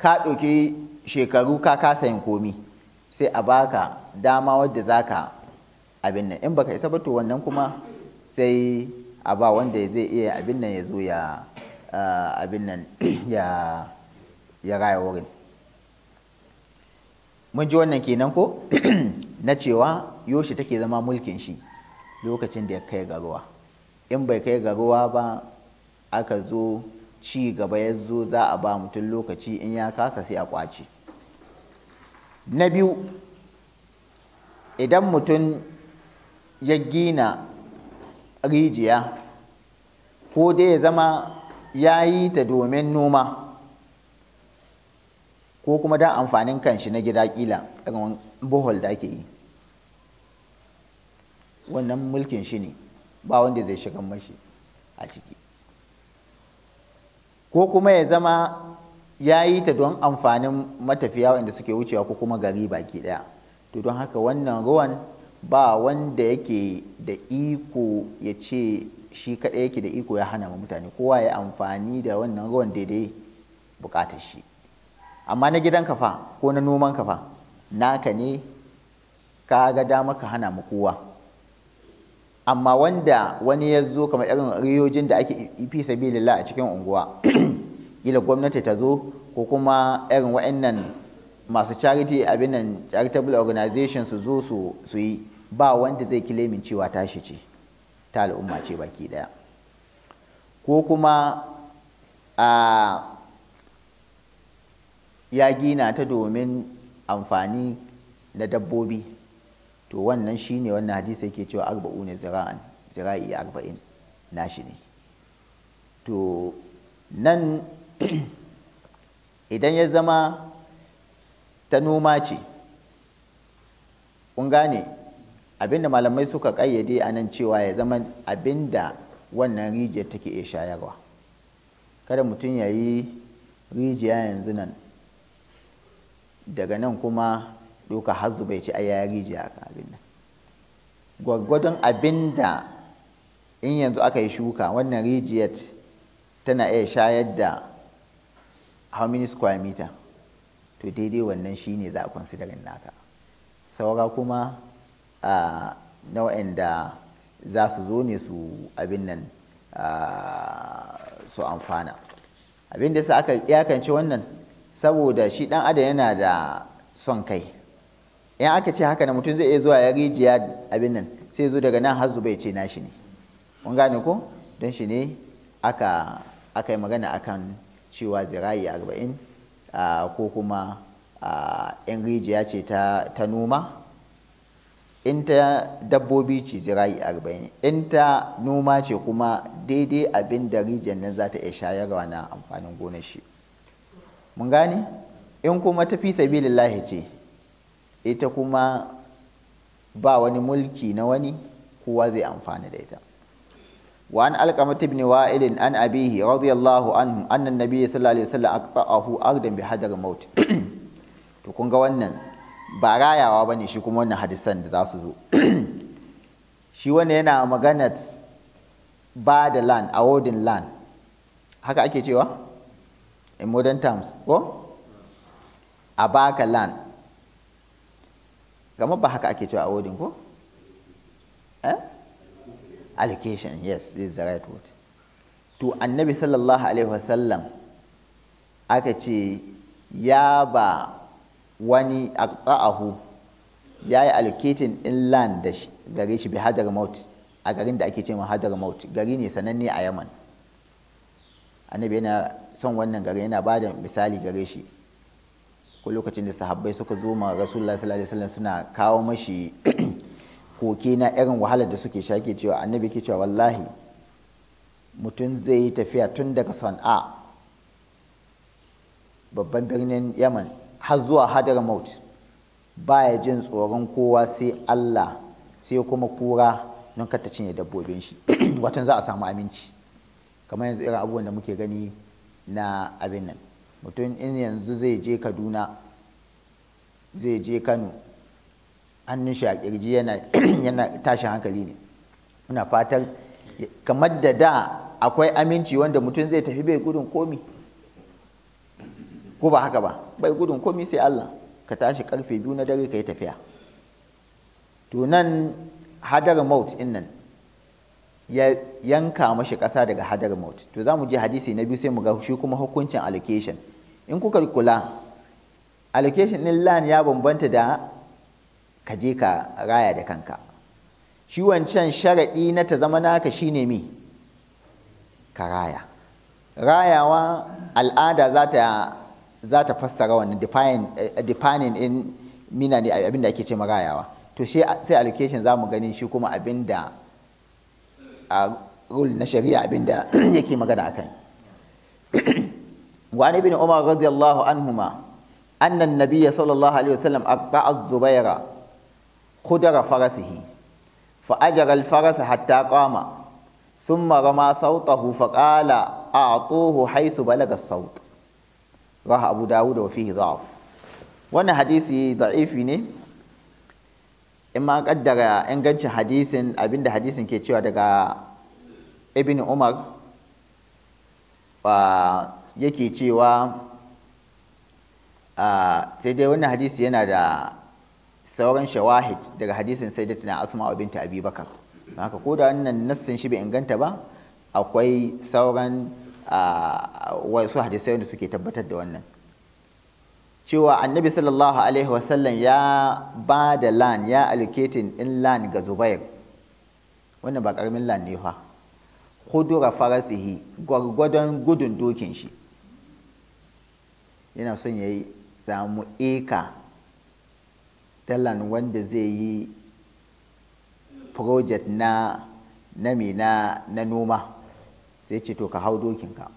[SPEAKER 1] ka ɗauki shekaru ka kasa yin komi sai a baka dama wadda zaka abin nan in baka isa ba to wannan kuma sai a ba wanda zai iya abin nan ya zo ya abin nan ya raya wurin mun ji wannan kenan ko na cewa yoshi take zama mulkin shi lokacin da ya kai ga ruwa in bai kai ga ruwa ba aka zo ci gaba ya zo za a ba mutum lokaci in ya kasa sai a kwace na biyu idan mutum ya gina rijiya ko dai ya zama ya yi ta domin noma ko kuma da amfanin kanshi na gida kila irin bohol da ake yi wannan mulkin shi ne ba wanda zai shiga mashi a ciki ko kuma ya zama ya yi ta don amfanin matafiya wanda suke wucewa ko kuma gari baki daya to don haka wannan ruwan ba wanda yake da iko ya ce shi kaɗai yake da iko ya hana mutane kowa ya amfani da wannan ruwan daidai bukatar shi amma na gidan kafa ko na noman kafa naka ne ka ga dama ka hana mu kowa amma wanda wani ya zo kamar irin riyojin da ake fi sabilillah a cikin unguwa kila gwamnati ta zo ko kuma irin wa'annan masu charity abin nan charitable organization su zo su yi ba wanda zai kilemin cewa tashi ce ta al'umma ce baki daya ko kuma a ya gina ta domin amfani na dabbobi to wannan shine wannan hadisi yake cewa arba'u ne zira'an zira'i arba'in nashi ne to nan idan ya zama ta noma ce kun gane abinda malamai suka kayyade a nan cewa ya zama abinda wannan rijiyar take iya shayarwa kada mutum ya yi rijiya yanzu nan daga nan kuma doka har bai ci ai rijiya a abin nan gwaggwadon abinda in yanzu aka yi shuka wannan rijiyar tana iya shayar da how many square meter to daidai wannan shine za a considering naka saura kuma a na waɗanda za su zo ne su abin nan su amfana abin da aka iyakance wannan saboda shi ɗan adam yana da son kai in aka ce haka na mutum zai iya zuwa ya rijiya abin nan sai zo daga nan har bai ce nashi ne mun gane ko don shi ne aka yi magana akan cewa zira'i arba'in ko kuma yan rijiya ce ta noma in ta dabbobi ce zira'i arba'in in ta noma ce kuma daidai abin da rijiyar nan za ta iya shayarwa na amfanin gonar shi mun gane in kuma ta fi ce ita kuma ba wani mulki na wani kowa zai amfana da ita وعن ألقمة بن وائل عن أبيه رضي الله عنه أن النبي صلى الله عليه وسلم أقطعه أرضا بحجر الموت to kun ga wannan ba rayawa bane shi kuma wannan hadisan da zasu zo shi wannan yana magana ba da land awarding land haka ake cewa in modern terms ko a baka land gama ba haka ake cewa awarding ko eh allocation yes this is the right word to annabi sallallahu alaihi wasallam aka ce ya ba wani aqta'ahu ya yi allocating in land da shi gare shi bi hadar maut a garin da ake ce ma hadar maut gari ne sananne a yaman annabi yana son wannan gari yana ba da misali gare shi ko lokacin da sahabbai suka zo ma rasulullah sallallahu alaihi wasallam suna kawo mashi koke na irin wahalar da suke shake cewa annabi ke cewa wallahi mutum zai yi tafiya tun daga sana'a babban birnin yaman har zuwa hadramaut baya jin tsoron kowa sai allah sai kuma kura don kata cinye dabbobin shi watan za a samu aminci kamar yanzu irin abubuwan da muke gani na abin nan mutum in yanzu zai je kaduna zai je kano hannun shi a kirji yana tashin hankali ne muna fatan kamar da da akwai aminci wanda mutum zai tafi bai gudun komi ko ba haka ba bai gudun komi sai Allah ka tashi karfe biyu na dare ka yi tafiya to hadar maut in nan ya yanka mashi ƙasa daga hadar maut to za mu je hadisi na biyu sai mu ga shi kuma hukuncin allocation in kuka kula allocation din lan ya bambanta da ka je ka raya da kanka shi wancan sharaɗi na ta zama naka shine mi ka raya rayawa al'ada za ta fassara wannan eh, defining in mina ne abin da ake ce rayawa to sai allocation za mu ganin shi kuma abin da a rule na shari'a abin da yake magana akan وعن bin Umar radiyallahu الله عنهما أن النبي صلى الله عليه وسلم أقطع khudara farasihi fa'ajarar farasa al-faras hatta qama thumma rama sautahu fa qala a'tuhu balaga saut raha abu dawud wa fihi dha'f wannan hadisi da'ifi ne in ma kaddara ingancin hadisin abinda hadisin ke cewa daga ibn umar yake cewa sai dai wannan hadisi yana da sauran shawahid daga hadisin sayyidatina asma binta abi bakar haka ko da wannan nassin shi bai inganta ba akwai sauran wasu hadisai wanda suke tabbatar da wannan cewa annabi sallallahu alaihi wasallam ya ba da lan ya aliketin din lan ga zubair wannan ba karamin lan ne fa hudura farasihi gwargwadon gudun dokin shi yana son ya yi samu eka talan wanda zai yi project na na na noma sai ce to ka hau dokinka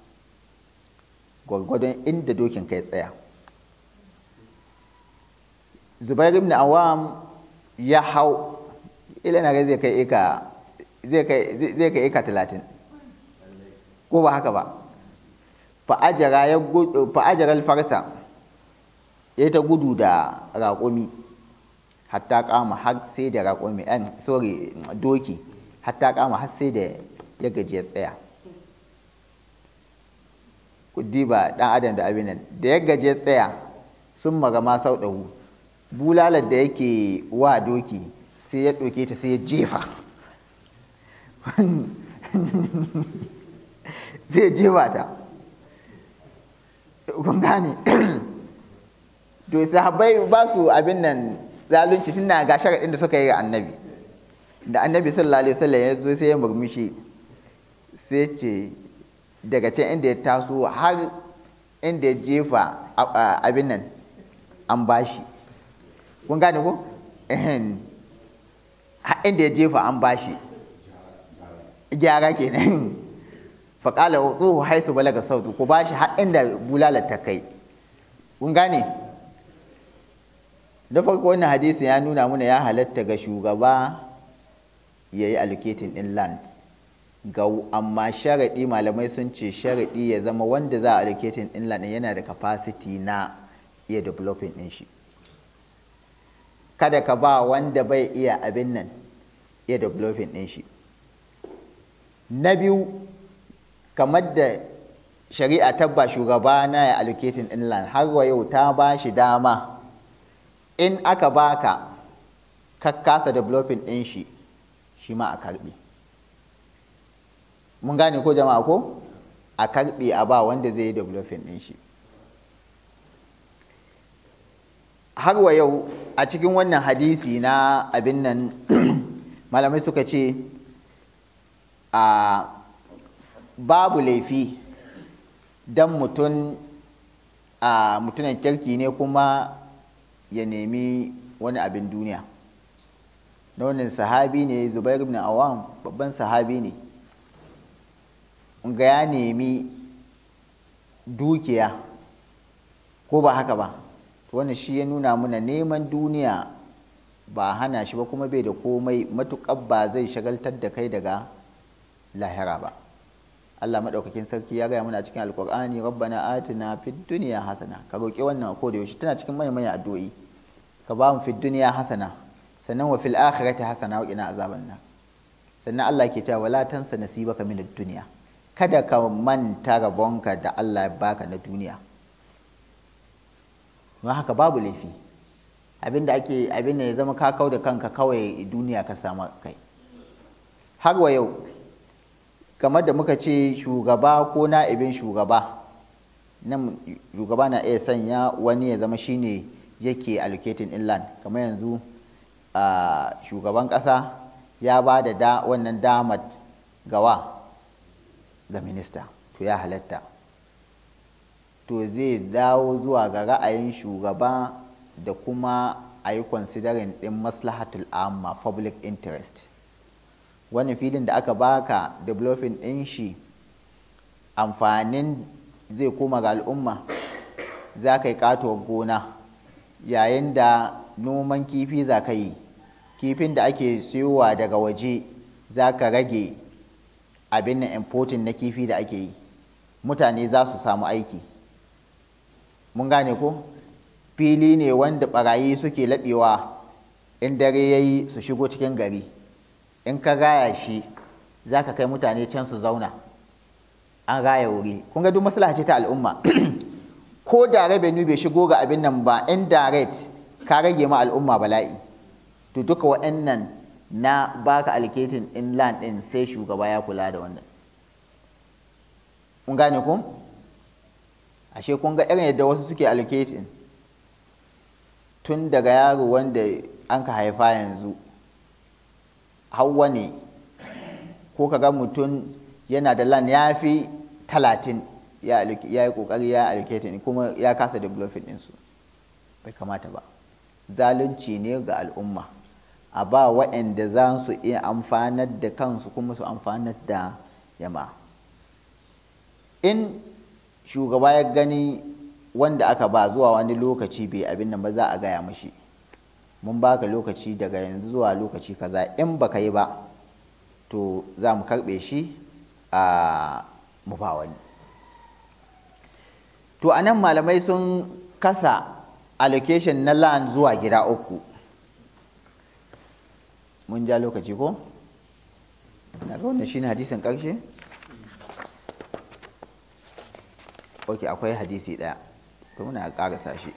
[SPEAKER 1] gwargwadon inda dokinka ya tsaya zubair ibn awam ya hau ila na zai kai eka zai kai eka talatin ko ba haka ba fa'ajara farsa ya ta gudu da raƙumi hatta kama har sai da raƙumi an eh, sorry doki hatta kama har sai da ya gaji ya tsaya ba dan adam da abin nan da ya gaji ya tsaya sun magama sau ɗau. bulalar da yake wa doki sai ya ɗauke ta sai ya jefa zai jefa ta kun gane to sahabbai ba su abin nan zalunci suna ga sharaɗin da suka yi ga annabi da annabi sallallahu alaihi wasallam ya zo sai ya murmushi sai ce daga can inda ya taso har inda ya jefa abin nan an bashi kun gane ko inda ya jefa an bashi gyara kenan faƙala tsohu haisu balaga sautu ku bashi har inda bulala ta kai kun gane Na farko wannan hadisi ya nuna muna ya halatta ga shugaba ya yi allocating in land ga amma sharaɗi malamai sun ce sharaɗi ya zama wanda za a allocating in land yana da capacity na iya developing in shi kada ka ba wanda bai iya abin nan iya developing in shi na biyu kamar da shari'a tabba shugaba na ya allocating in land har wa yau ta ba shi dama in aka baka ka kasa developing ɗin shi shi ma a karɓi. mun gane ko jama'a ko a karɓi a ba wanda zai yi developing ɗin shi har wa yau a cikin wannan hadisi na abin nan malamai suka ce a babu laifi don mutum a mutumin kirki ne kuma ya nemi wani abin duniya na wannan sahabi ne zubair ibn awam babban sahabi ne ga ya nemi dukiya ko ba haka ba wani shi ya nuna muna neman duniya ba hana shi ba kuma bai da komai matukar ba zai shagaltar da kai daga lahira ba Allah madaukakin sarki ya gaya mana cikin alkur'ani rabbana atina fid dunya hasana ka roki wannan ko da yaushe tana cikin manyan addu'o'i ka ba mu fid dunya hasana sannan wa fil akhirati hasana wa qina azaban nar sannan Allah ke cewa wala tansa nasibaka min ad-dunya kada ka manta rabonka da Allah ya baka na duniya don haka babu laifi abinda ake abinda ya zama ka kau da kanka kawai duniya ka samu kai har wa yau kamar da muka ce shugaba ko na'ibin shugaba nan shugaba na iya sanya wani ya zama shine yake allocating inland kamar yanzu shugaban kasa ya ba da wannan damat gawa ga minista to ya halatta to zai dawo zuwa ga ra'ayin shugaba da kuma a yi considering ɗin maslahatul amma public interest wani filin da aka baka developing ɗin shi amfanin zai koma ga al'umma za ka yi katuwar gona yayin da noman kifi za ka yi kifin da ake siyowa daga waje za ka rage abin na importing na kifi da ake yi mutane za su samu aiki mun gane ko fili ne wanda barayi suke laɓewa in dare ya yi su shigo cikin gari in ka gaya shi za ka kai mutane can su zauna an raya wuri kun ga duk maslaha ce ta al'umma ko da rabe bai shigo ga abin nan ba indirect ka rage ma al'umma bala'i to duka wa'annan na baka allocating in lan din sai shugaba ya kula da wannan kun gane ku ashe kun ga irin yadda wasu suke alketin tun daga yaro wanda an ka haifa yanzu hawa ne ko ka ga mutum yana da lan ya fi talatin ya yi kokari ya allocating kuma ya kasa developing ɗinsu bai kamata ba zalunci ne ga al'umma a ba waɗanda za su iya amfanar da kansu kuma su amfanar da yama in shugaba ya gani wanda aka ba zuwa wani lokaci bai abin nan ba za a gaya mashi mun baka lokaci daga yanzu zuwa lokaci kaza in baka yi ba to za mu karɓe shi a mu ba wani to a nan malamai sun kasa allocation na land zuwa gida uku mun ja lokaci ko? na ga shi ne hadisin ƙarshe? ok akwai hadisi ɗaya to muna ƙarasa shi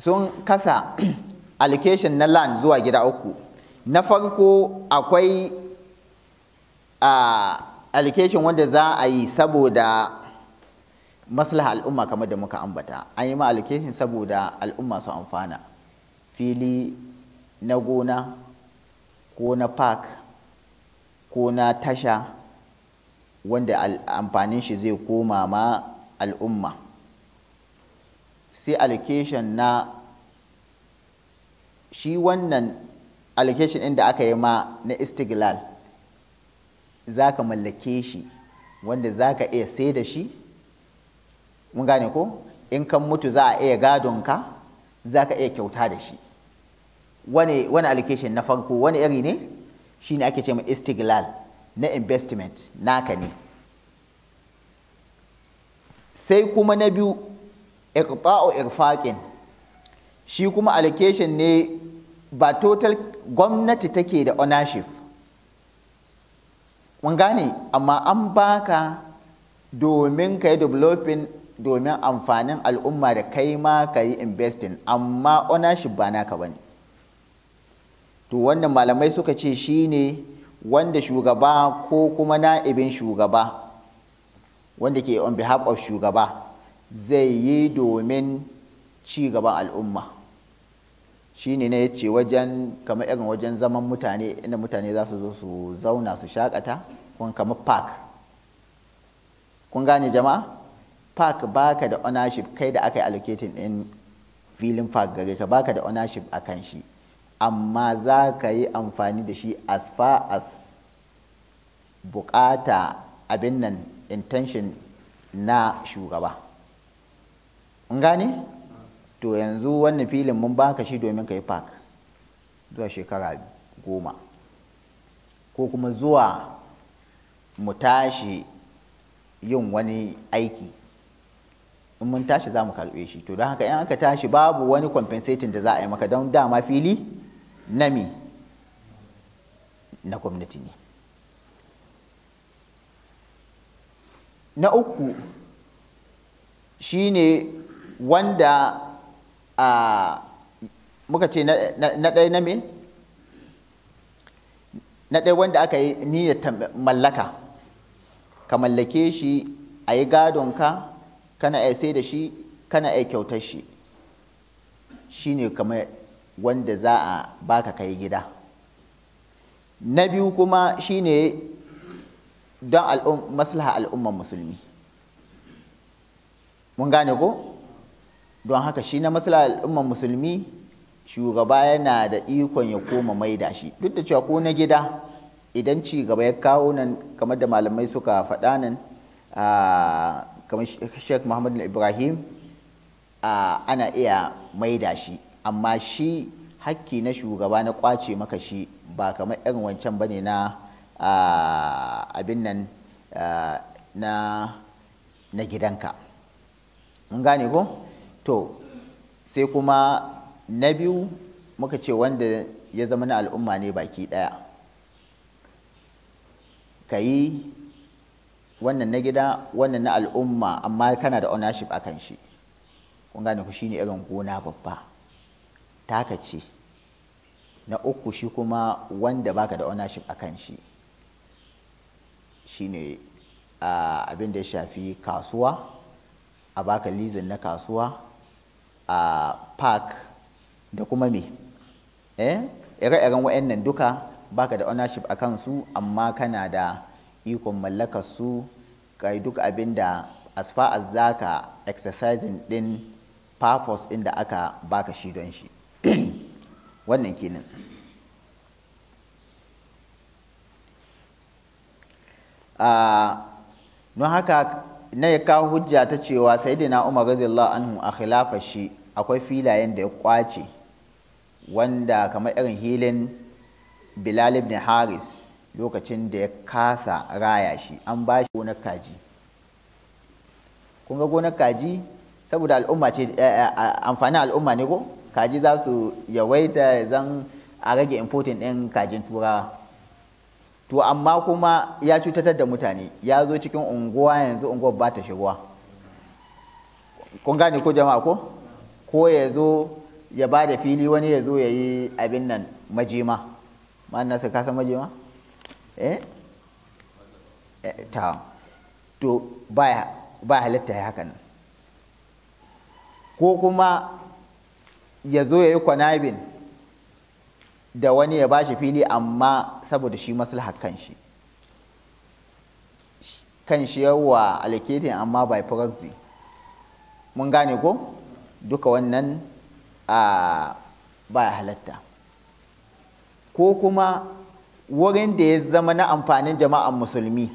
[SPEAKER 1] sun kasa allocation na land zuwa gida uku na farko akwai a allocation wanda za a yi saboda maslaha al'umma kamar da muka ambata an yi ma allocation saboda al'umma su amfana fili na gona ko na park ko na tasha wanda amfanin shi zai koma ma al'umma sai allocation na shi wannan allocation ɗin da aka yi ma na istiglal za ka mallake shi wanda za ka iya sai da shi mun gane ko in kan mutu za a iya gadonka za ka iya kyauta da shi wani allocation na farko wani iri ne shi ne ake ce ma istiglal na investment naka ne sai kuma na biyu iqta'u irfaqin shi kuma allocation ne ba total gwamnati take da ownership mun gane amma an baka domin ka yi developing domin amfanin al'umma da kai ma ka yi investing amma ownership ba naka ba ne to wannan malamai suka ce shi ne wanda shugaba ko kuma na'ibin shugaba wanda ke on behalf of shugaba zai yi domin ci gaban al'umma Shi ne na yace wajen kamar irin wajen zaman mutane inda mutane za su zo su zauna su shakata kun kamar park kun gane jama'a park baka da ownership kai da aka yi allocating din filin park gare ka baka da ownership a kan shi amma za ka yi amfani da shi as far as bukata abin nan intention na shugaba. gane? to yanzu wannan filin mun baka shi domin ka yi park zuwa shekara goma ko kuma zuwa mu tashi yin wani aiki in mun tashi za mu karɓe shi to don haka in aka tashi babu wani compensating da za a yi maka don dama fili na me na gwamnati ne na uku shine wanda a muka ce na ɗaya na me na ɗaya wanda aka yi niyyar mallaka ka mallake shi a yi ka kana a sai da shi kana a kyautar shi shi ne kamar wanda za a baka kai gida na biyu kuma shi ne don maslaha al'umman musulmi mun gane ko don haka shi na masala al'ummar musulmi shugaba yana da ikon ya koma mai da shi duk da cewa ko na gida idan ci gaba ya kawo nan kamar da malamai suka faɗa nan kamar sheikh muhammad ibrahim ana iya mai da shi amma shi hakki na shugaba na kwace maka shi ba kamar irin wancan ba ne na abin nan na gidanka mun gane ko? to sai kuma na biyu muka ce wanda ya zama na al'umma ne baki ɗaya ka yi wannan na gida wannan na al'umma amma kana da ownership a kan shi kun gane ku shine irin gona babba taka ce na uku shi kuma wanda baka da ownership a kan shi shine ah, abin da ya shafi kasuwa a baka lizin na kasuwa a park da kuma me eh ire-iren wayannan duka baka da ownership a kansu amma kana da ikon mallakar su kai duk abin da as far as zaka exercising din purpose inda aka baka shi don shi wannan kenan ah, no haka na ya kawo hujja ta cewa sayyidina umar radiyallahu anhu a khilafa shi akwai filayen da ya kwace wanda kamar irin hilin bilal ibn haris lokacin da ya kasa raya shi an ba shi gonar kaji kun ga kaji saboda al'umma ce eh, eh, amfanin al'umma ne ko kaji za su yawaita zan a rage importin din kajin turawa to amma kuma ya cutatar da mutane ya zo cikin unguwa yanzu unguwa ba ta shigowa kun gane ko jama'a ko ko ya zo ya ba da fili wani ya zo ya yi abin nan majima ma'ana su kasa majima eh? eh ta to ba halitta ya haka nan ko kuma ya zo ya yi kwanabin da wani ya ba shi fili amma saboda shi maslahar kanshi kanshi yawa allocating amma by proxy mun gane ko duka wannan a ba halatta ko kuma wurin da ya zama na amfanin jama'an musulmi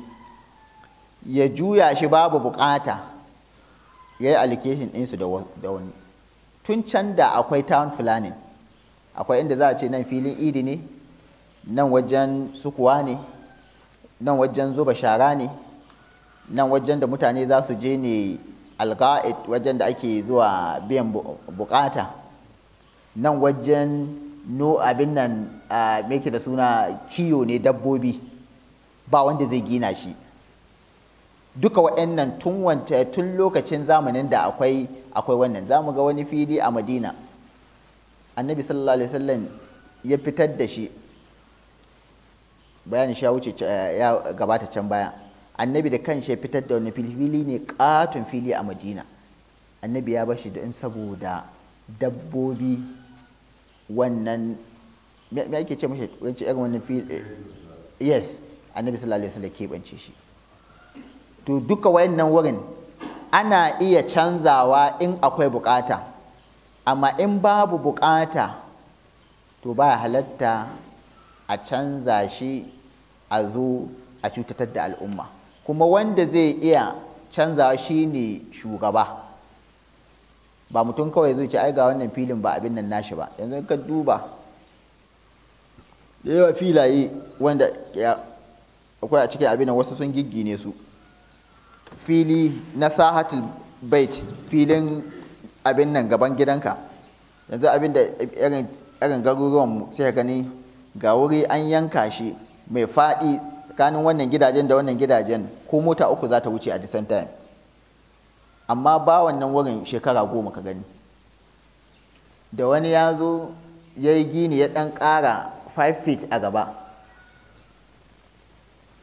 [SPEAKER 1] ya juya shi babu bukata ya yi allocation ɗinsu da wani tun can da akwai town planning akwai inda za a ce nan filin idi ne nan wajen sukuwa ne nan wajen zuba shara ne nan wajen da mutane za su je ne alga'id wajen da ake zuwa biyan bukata nan wajen no abin nan a da suna kiyo ne dabbobi ba wanda zai gina shi duka waɗannan tun lokacin zamanin da akwai wannan za mu ga wani fili a madina annabi sallallahu alaihi wasallam ya fitar da shi bayani sha wuce ya gabata can baya annabi da kan shi fitar da wani filfili ne katon fili a madina annabi ya bashi da in saboda dabbobi wannan me ake ce mashi wancan irin wannan fili yes annabi sallallahu alaihi wasallam keɓance shi to duka wayannan wurin ana iya canzawa in akwai bukata amma in babu bukata to ba halatta a canza shi a zo a cutatar da al'umma kuma wanda zai iya canzawa shi ne shugaba ba mutum kawai zai ai ga wannan filin ba abin nan nashi ba yanzu ka duba da yawa filaye wanda akwai a cikin abin nan wasu sun giggine su fili na sahatul bait filin abin nan gaban gidanka yanzu abin da irin garuruwanmu sai gani ga wuri an yanka shi mai faɗi tsakanin wannan gidajen da wannan gidajen ko mota uku za ta wuce a the time amma ba wannan wurin shekara goma ka gani da wani ya zo ya yi gini ya ɗan ƙara 5 feet a gaba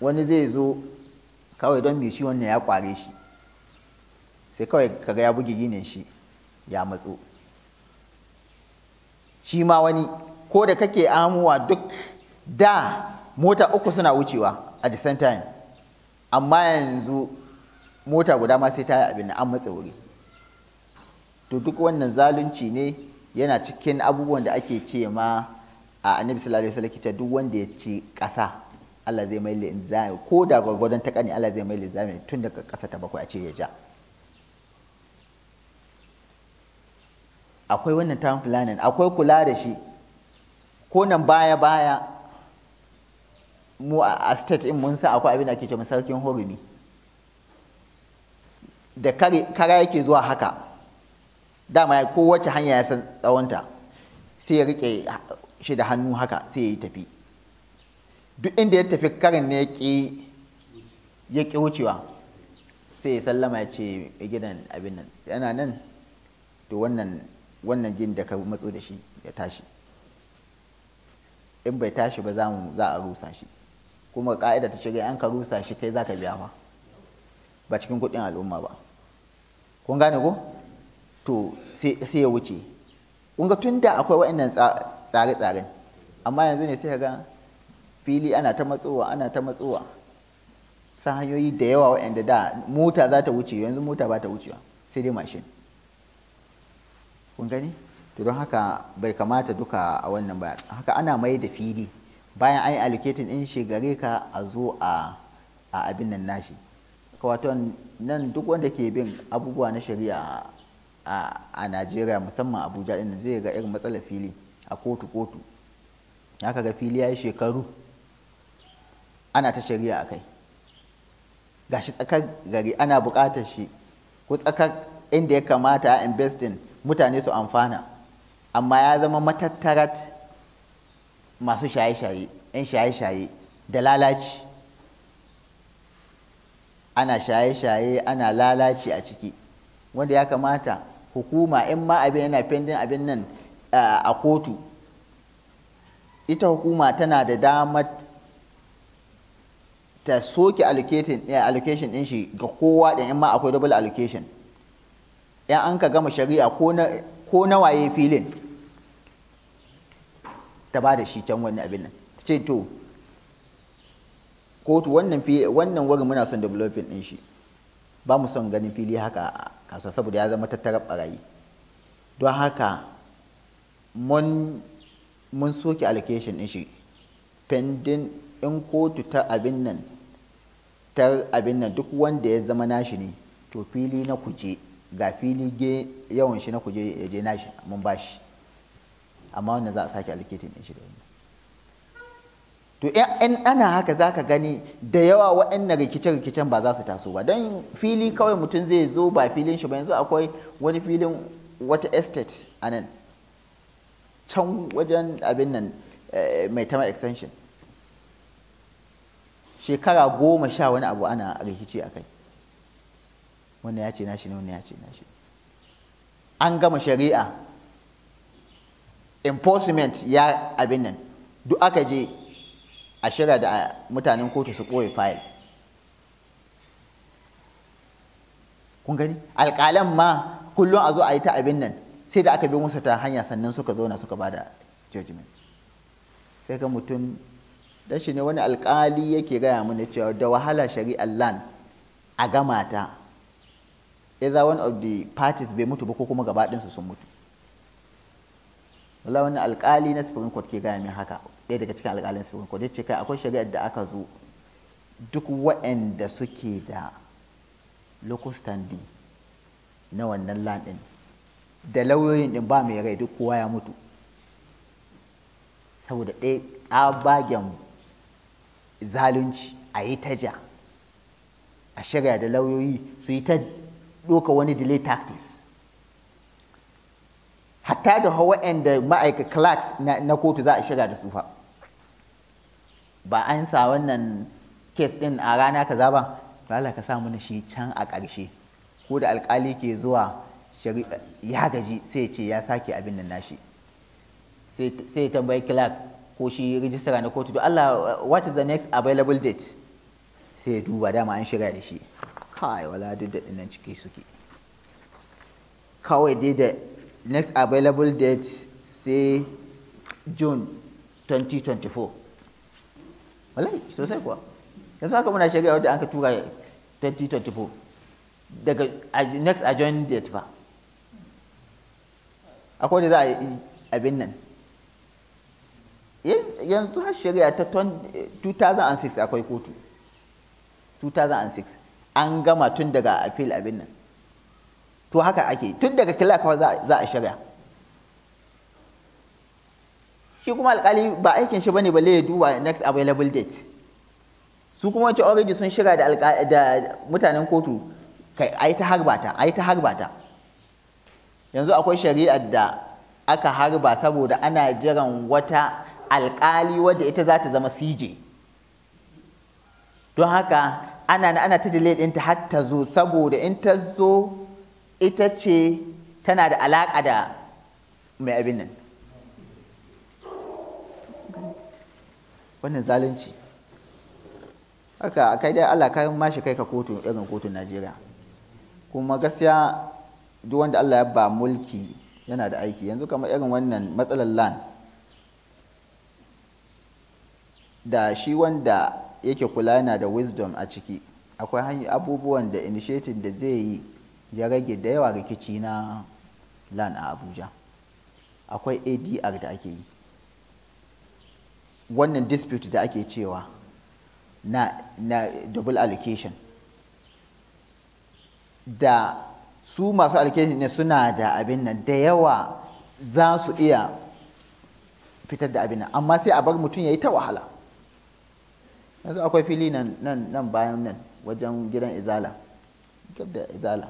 [SPEAKER 1] wani zai zo kawai don mai shi wannan ya ƙware shi sai kawai kaga ya buge ginin shi ya matso shi ma wani ko da kake amuwa duk da mota uku suna wucewa a the same time amma yanzu mota guda ma sai ta yi abin an matsa wuri to duk wannan zalunci ne yana cikin abubuwan da ake ce ma a annabi sallallahu alaihi wasallam duk wanda ya ci kasa Allah zai mai linzami ko da gwagwadon ta kani Allah zai mai linzami tun daga kasa ta bakwai a ce ya ja akwai wannan time planning akwai kula da shi ko nan baya baya mu a state in mun sa akwai abin da ake ce sarkin hurumi da kara yake zuwa haka dama kowace hanya ya san tsawonta sai ya rike shi da hannu haka sai ya yi tafi duk inda ya tafi karin ne ya ƙi wucewa sai ya sallama ya ce gidan abin nan yana nan to wannan wannan jin da ka matso da shi ya tashi in bai tashi ba za a rusa shi kuma ka'ida ta shiga an ka rusa shi kai za ka biya fa ba cikin kuɗin al'umma ba kun gane ko to sai ya wuce kun ga tun da akwai waɗannan tsare-tsaren amma yanzu ne sai ga fili ana ta matsowa ana ta matsowa san hanyoyi da yawa wa'anda da mota za ta wuce yanzu mota ba ta wucewa sai dai mashin kun gani to don haka bai kamata duka a wannan ba haka ana mai da fili bayan an yi alikitin in shi gare ka a zo a abin nan nashi wato nan duk wanda ke bin abubuwa na shari'a a najeriya musamman abuja ɗin zai ga irin matsalar fili a kotu kotu haka ga fili ya yi shekaru ana ta shari'a a kai gashi tsakar gari ana buƙatar shi ko tsakar inda ya kamata a investing mutane su amfana amma ya zama matattarat masu shaye-shaye 'yan shaye-shaye da lalaci ana shaye-shaye ana lalaci a ciki wanda ya kamata hukuma in ma abin yana fendin abin nan a kotu ita hukuma tana da damar ta soke eh, allocation din shi ga kowa da ma akwai double allocation ya an ka gama shari'a ko na waye filin ta ba da shi can wani abin nan ce to kotu wannan wannan wurin muna son developing din shi ba mu son ganin fili haka kasuwa saboda ya zama tattara barayi don haka mun soke allocation din shi pending in kotu ta abin nan ta abin nan duk wanda ya zama nashi ne to fili na kuje ga fili ge yawan shi na kuje ya je nashi mun bashi amma wannan za a sake alkitin din shi da wannan to in ana haka za ka gani da yawa waɗannan rikice-rikicen ba za su taso ba don fili kawai mutum zai zo ba filin shi ba yanzu akwai wani filin wata estate a nan can wajen abin nan eh, mai tama extension shekara goma sha wani abu ana rikici a kai wannan ya ce nashi ne wannan ya ce nashi an gama shari'a enforcement ya abin nan duk aka je a shirya da mutanen kotu su ɓoye fayil kun gani alƙalan ma kullum a zo a yi ta abin nan sai da aka bi musu ta hanya sannan suka zauna suka ba da judgment sai ga mutum shi ne wani alƙali yake gaya mana cewa da wahala shari'ar lan a gama ta either one of the parties bai mutu ba ko kuma gabaɗinsu sun mutu wala wani alkali na supreme court ke gaya min haka ɗaya daga cikin alkalin supreme court ya ce kai akwai shari'ar da aka zo duk waɗanda suke da local standing na wannan land ɗin da lauyoyin ɗin ba mai rai duk kowa ya mutu saboda ɗaya tsabagen zalunci a yi ta ja a shirya da lauyoyi su yi ta ɗoka wani delay tactics hatta da da ma'aika clerks na kotu za a shiga da su fa ba an sa wannan kes ɗin a rana kaza ba to ka sa mana shi can a ƙarshe ko da alƙali ke zuwa ya gaji sai ce ya sake abin nan nashi sai ya tambayi clerk ko shi rijistara na kotu to Allah what is the next available date sai ya duba dama an shirya da shi kai wala duk da dinnan ciki suke kawai dai da next available date sai june 2024 wallahi sosai kuwa yanzu haka muna shirya wadda an ka tura 2024 daga next adjoining date ba akwai da za a yi abin nan yanzu har shari'a ta 2006 eh, akwai kotu 2006 an gama tun daga fil abin nan to haka ake tun daga kila kawai za a shirya shi kuma alkali ba aikin shi bane balle ya duba next available date su kuma wancan already sun shirya da mutanen kotu kai ai ta harbata ai ta harbata yanzu akwai shari'ar da aka harba saboda ana jiran wata alkali wadda ita za ta zama CJ don haka ana na ana ta delay ɗinta har ta zo saboda in ta zo ita ce tana da alaƙa da mai abin nan wannan zalunci haka kai dai Allah kayan mashi kai ka kotu irin kotun Najeriya kuma gaskiya duk wanda Allah ya ba mulki yana da aiki yanzu kamar irin wannan matsalar lan da shi wanda yake kula yana da wisdom a ciki akwai hanyar abubuwan da initiative da zai yi ya rage da yawa rikici na lan a abuja akwai adr da ake yi wannan dispute da ake cewa na, na double allocation da su masu allocation ne suna da abin nan da yawa za su iya fitar da abin nan amma sai a bar mutum ya yi ta wahala yanzu akwai fili nan bayan nan wajen gidan izala gabda izala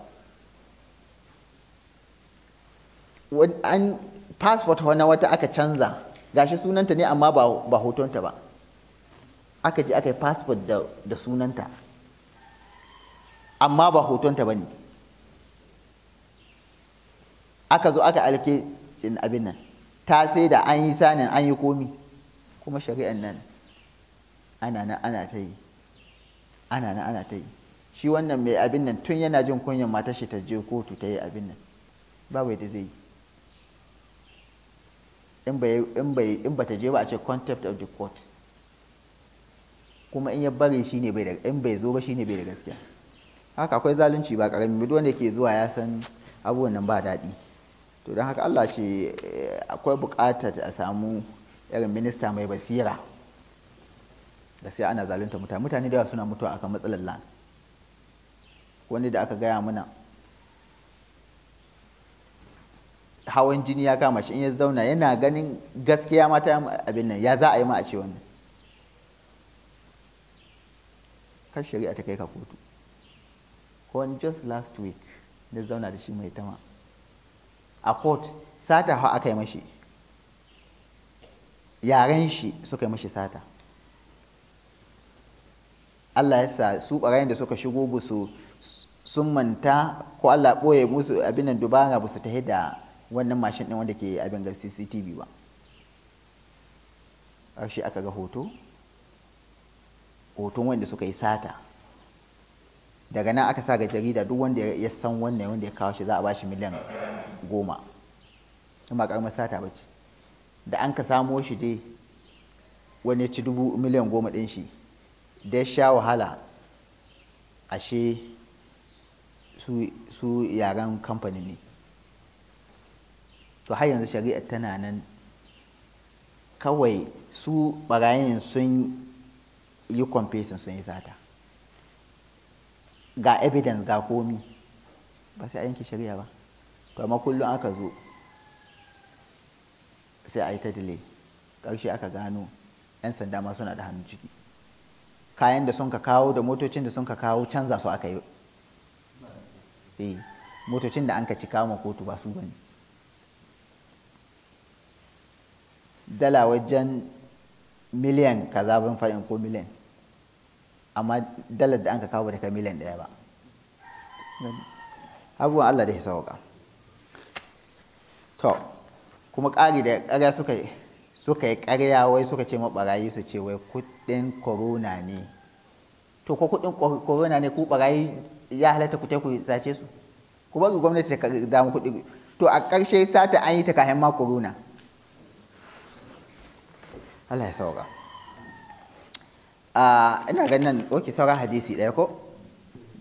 [SPEAKER 1] an passport wani wata aka canza gashi sunanta ne amma ba hotonta ba aka ji aka yi passport da sunanta amma ba hotonta ba ne aka zo aka alke abin nan ta sai da an yi sanin an yi komi kuma shari'an nan ana nan ana ta yi ana nan ana ta yi shi wannan mai abin nan tun yana jin kunyan matar shi ta je kotu ta yi abin nan ba wai da zai yi in ba ta je ba a ce contempt of the court kuma in ya bari shi ne bai in bai zo ba shi ne bai da gaskiya haka akwai zalunci ba karami duk wanda ke zuwa ya san abubuwan nan ba daɗi to don haka Allah shi eh, akwai buƙatar a samu irin minista mai basira da gaskiya ana zalunta mutane mutane da yawa suna mutuwa akan matsalar lan wani da aka gaya mana hawan jini ya kama shi in ya zauna yana ganin gaskiya mata abin nan ya za a yi ma a ce wannan kan shari'a ta kai ka kotu ko just last week na zauna da shi mai tama a court sata hau aka yi mashi yaren shi suka yi mashi sata Allah ya sa su barayin da suka shigo ba su sun manta ko Allah ɓoye musu abin nan dubara ba su tahi da wannan mashin ɗin wanda ke abin ga CCTV ba ƙarshe aka ga hoto hoton wanda suka yi sata daga nan aka sa ga jarida duk wanda ya san wannan wanda ya kawo shi za a bashi miliyan goma Ina karamar sata ba ce da an ka samo shi dai wani ya ci dubu miliyan goma ɗin shi da sha wahala ashe su yaren kamfani ne to har yanzu shari'a tana nan kawai su barayin sun yi confession sun yi sata ga evidence ga komi ba sai a yanki shari'a ba to amma aka zo sai a yi ta delay ƙarshe aka gano 'yan sanda ma suna da hannun ciki kayan da sun ka kawo da motocin da sun ka kawo canza su aka yi eh, motocin da an ka ci kama kotu ba su bane dala wajen miliyan kaza ban faɗin ko miliyan amma dalar da an ka kawo ba ta kai miliyan ɗaya ba abubuwan Allah da ya sauka to kuma ƙari da ƙarya suka yi suka yi karya wai suka ce maɓarayi su ce wai kuɗin korona ne to ko kuɗin korona ne ku ɓarayi ya halatta ku ku sace su ku bari gwamnati ta damu kuɗi to a ƙarshe sata an yi ta kayan ma korona Allah ya saura ah, ina ganin nan oke saura hadisi ɗaya ko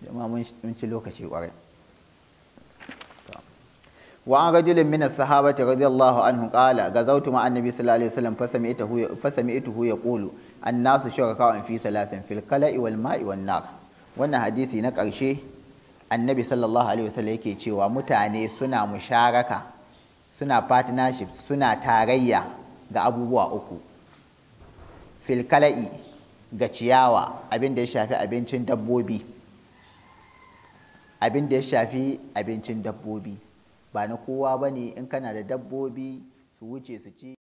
[SPEAKER 1] jama'a mun ci lokaci ƙwarai wa an rajulin min as-sahabati radiyallahu anhu qala gazawtu ma annabi sallallahu alaihi wasallam fasami'tuhu fasami'tuhu yaqulu an-nasu shuraka'un fi salasin fil qala'i wal ma'i wan nar wannan hadisi na ƙarshe annabi sallallahu alaihi wasallam yake cewa mutane suna musharaka suna partnership suna tarayya ga abubuwa uku Filkala'i ga ciyawa abin abin da ya shafi abincin dabbobi ba na kowa ba ne in kana da dabbobi su wuce su ci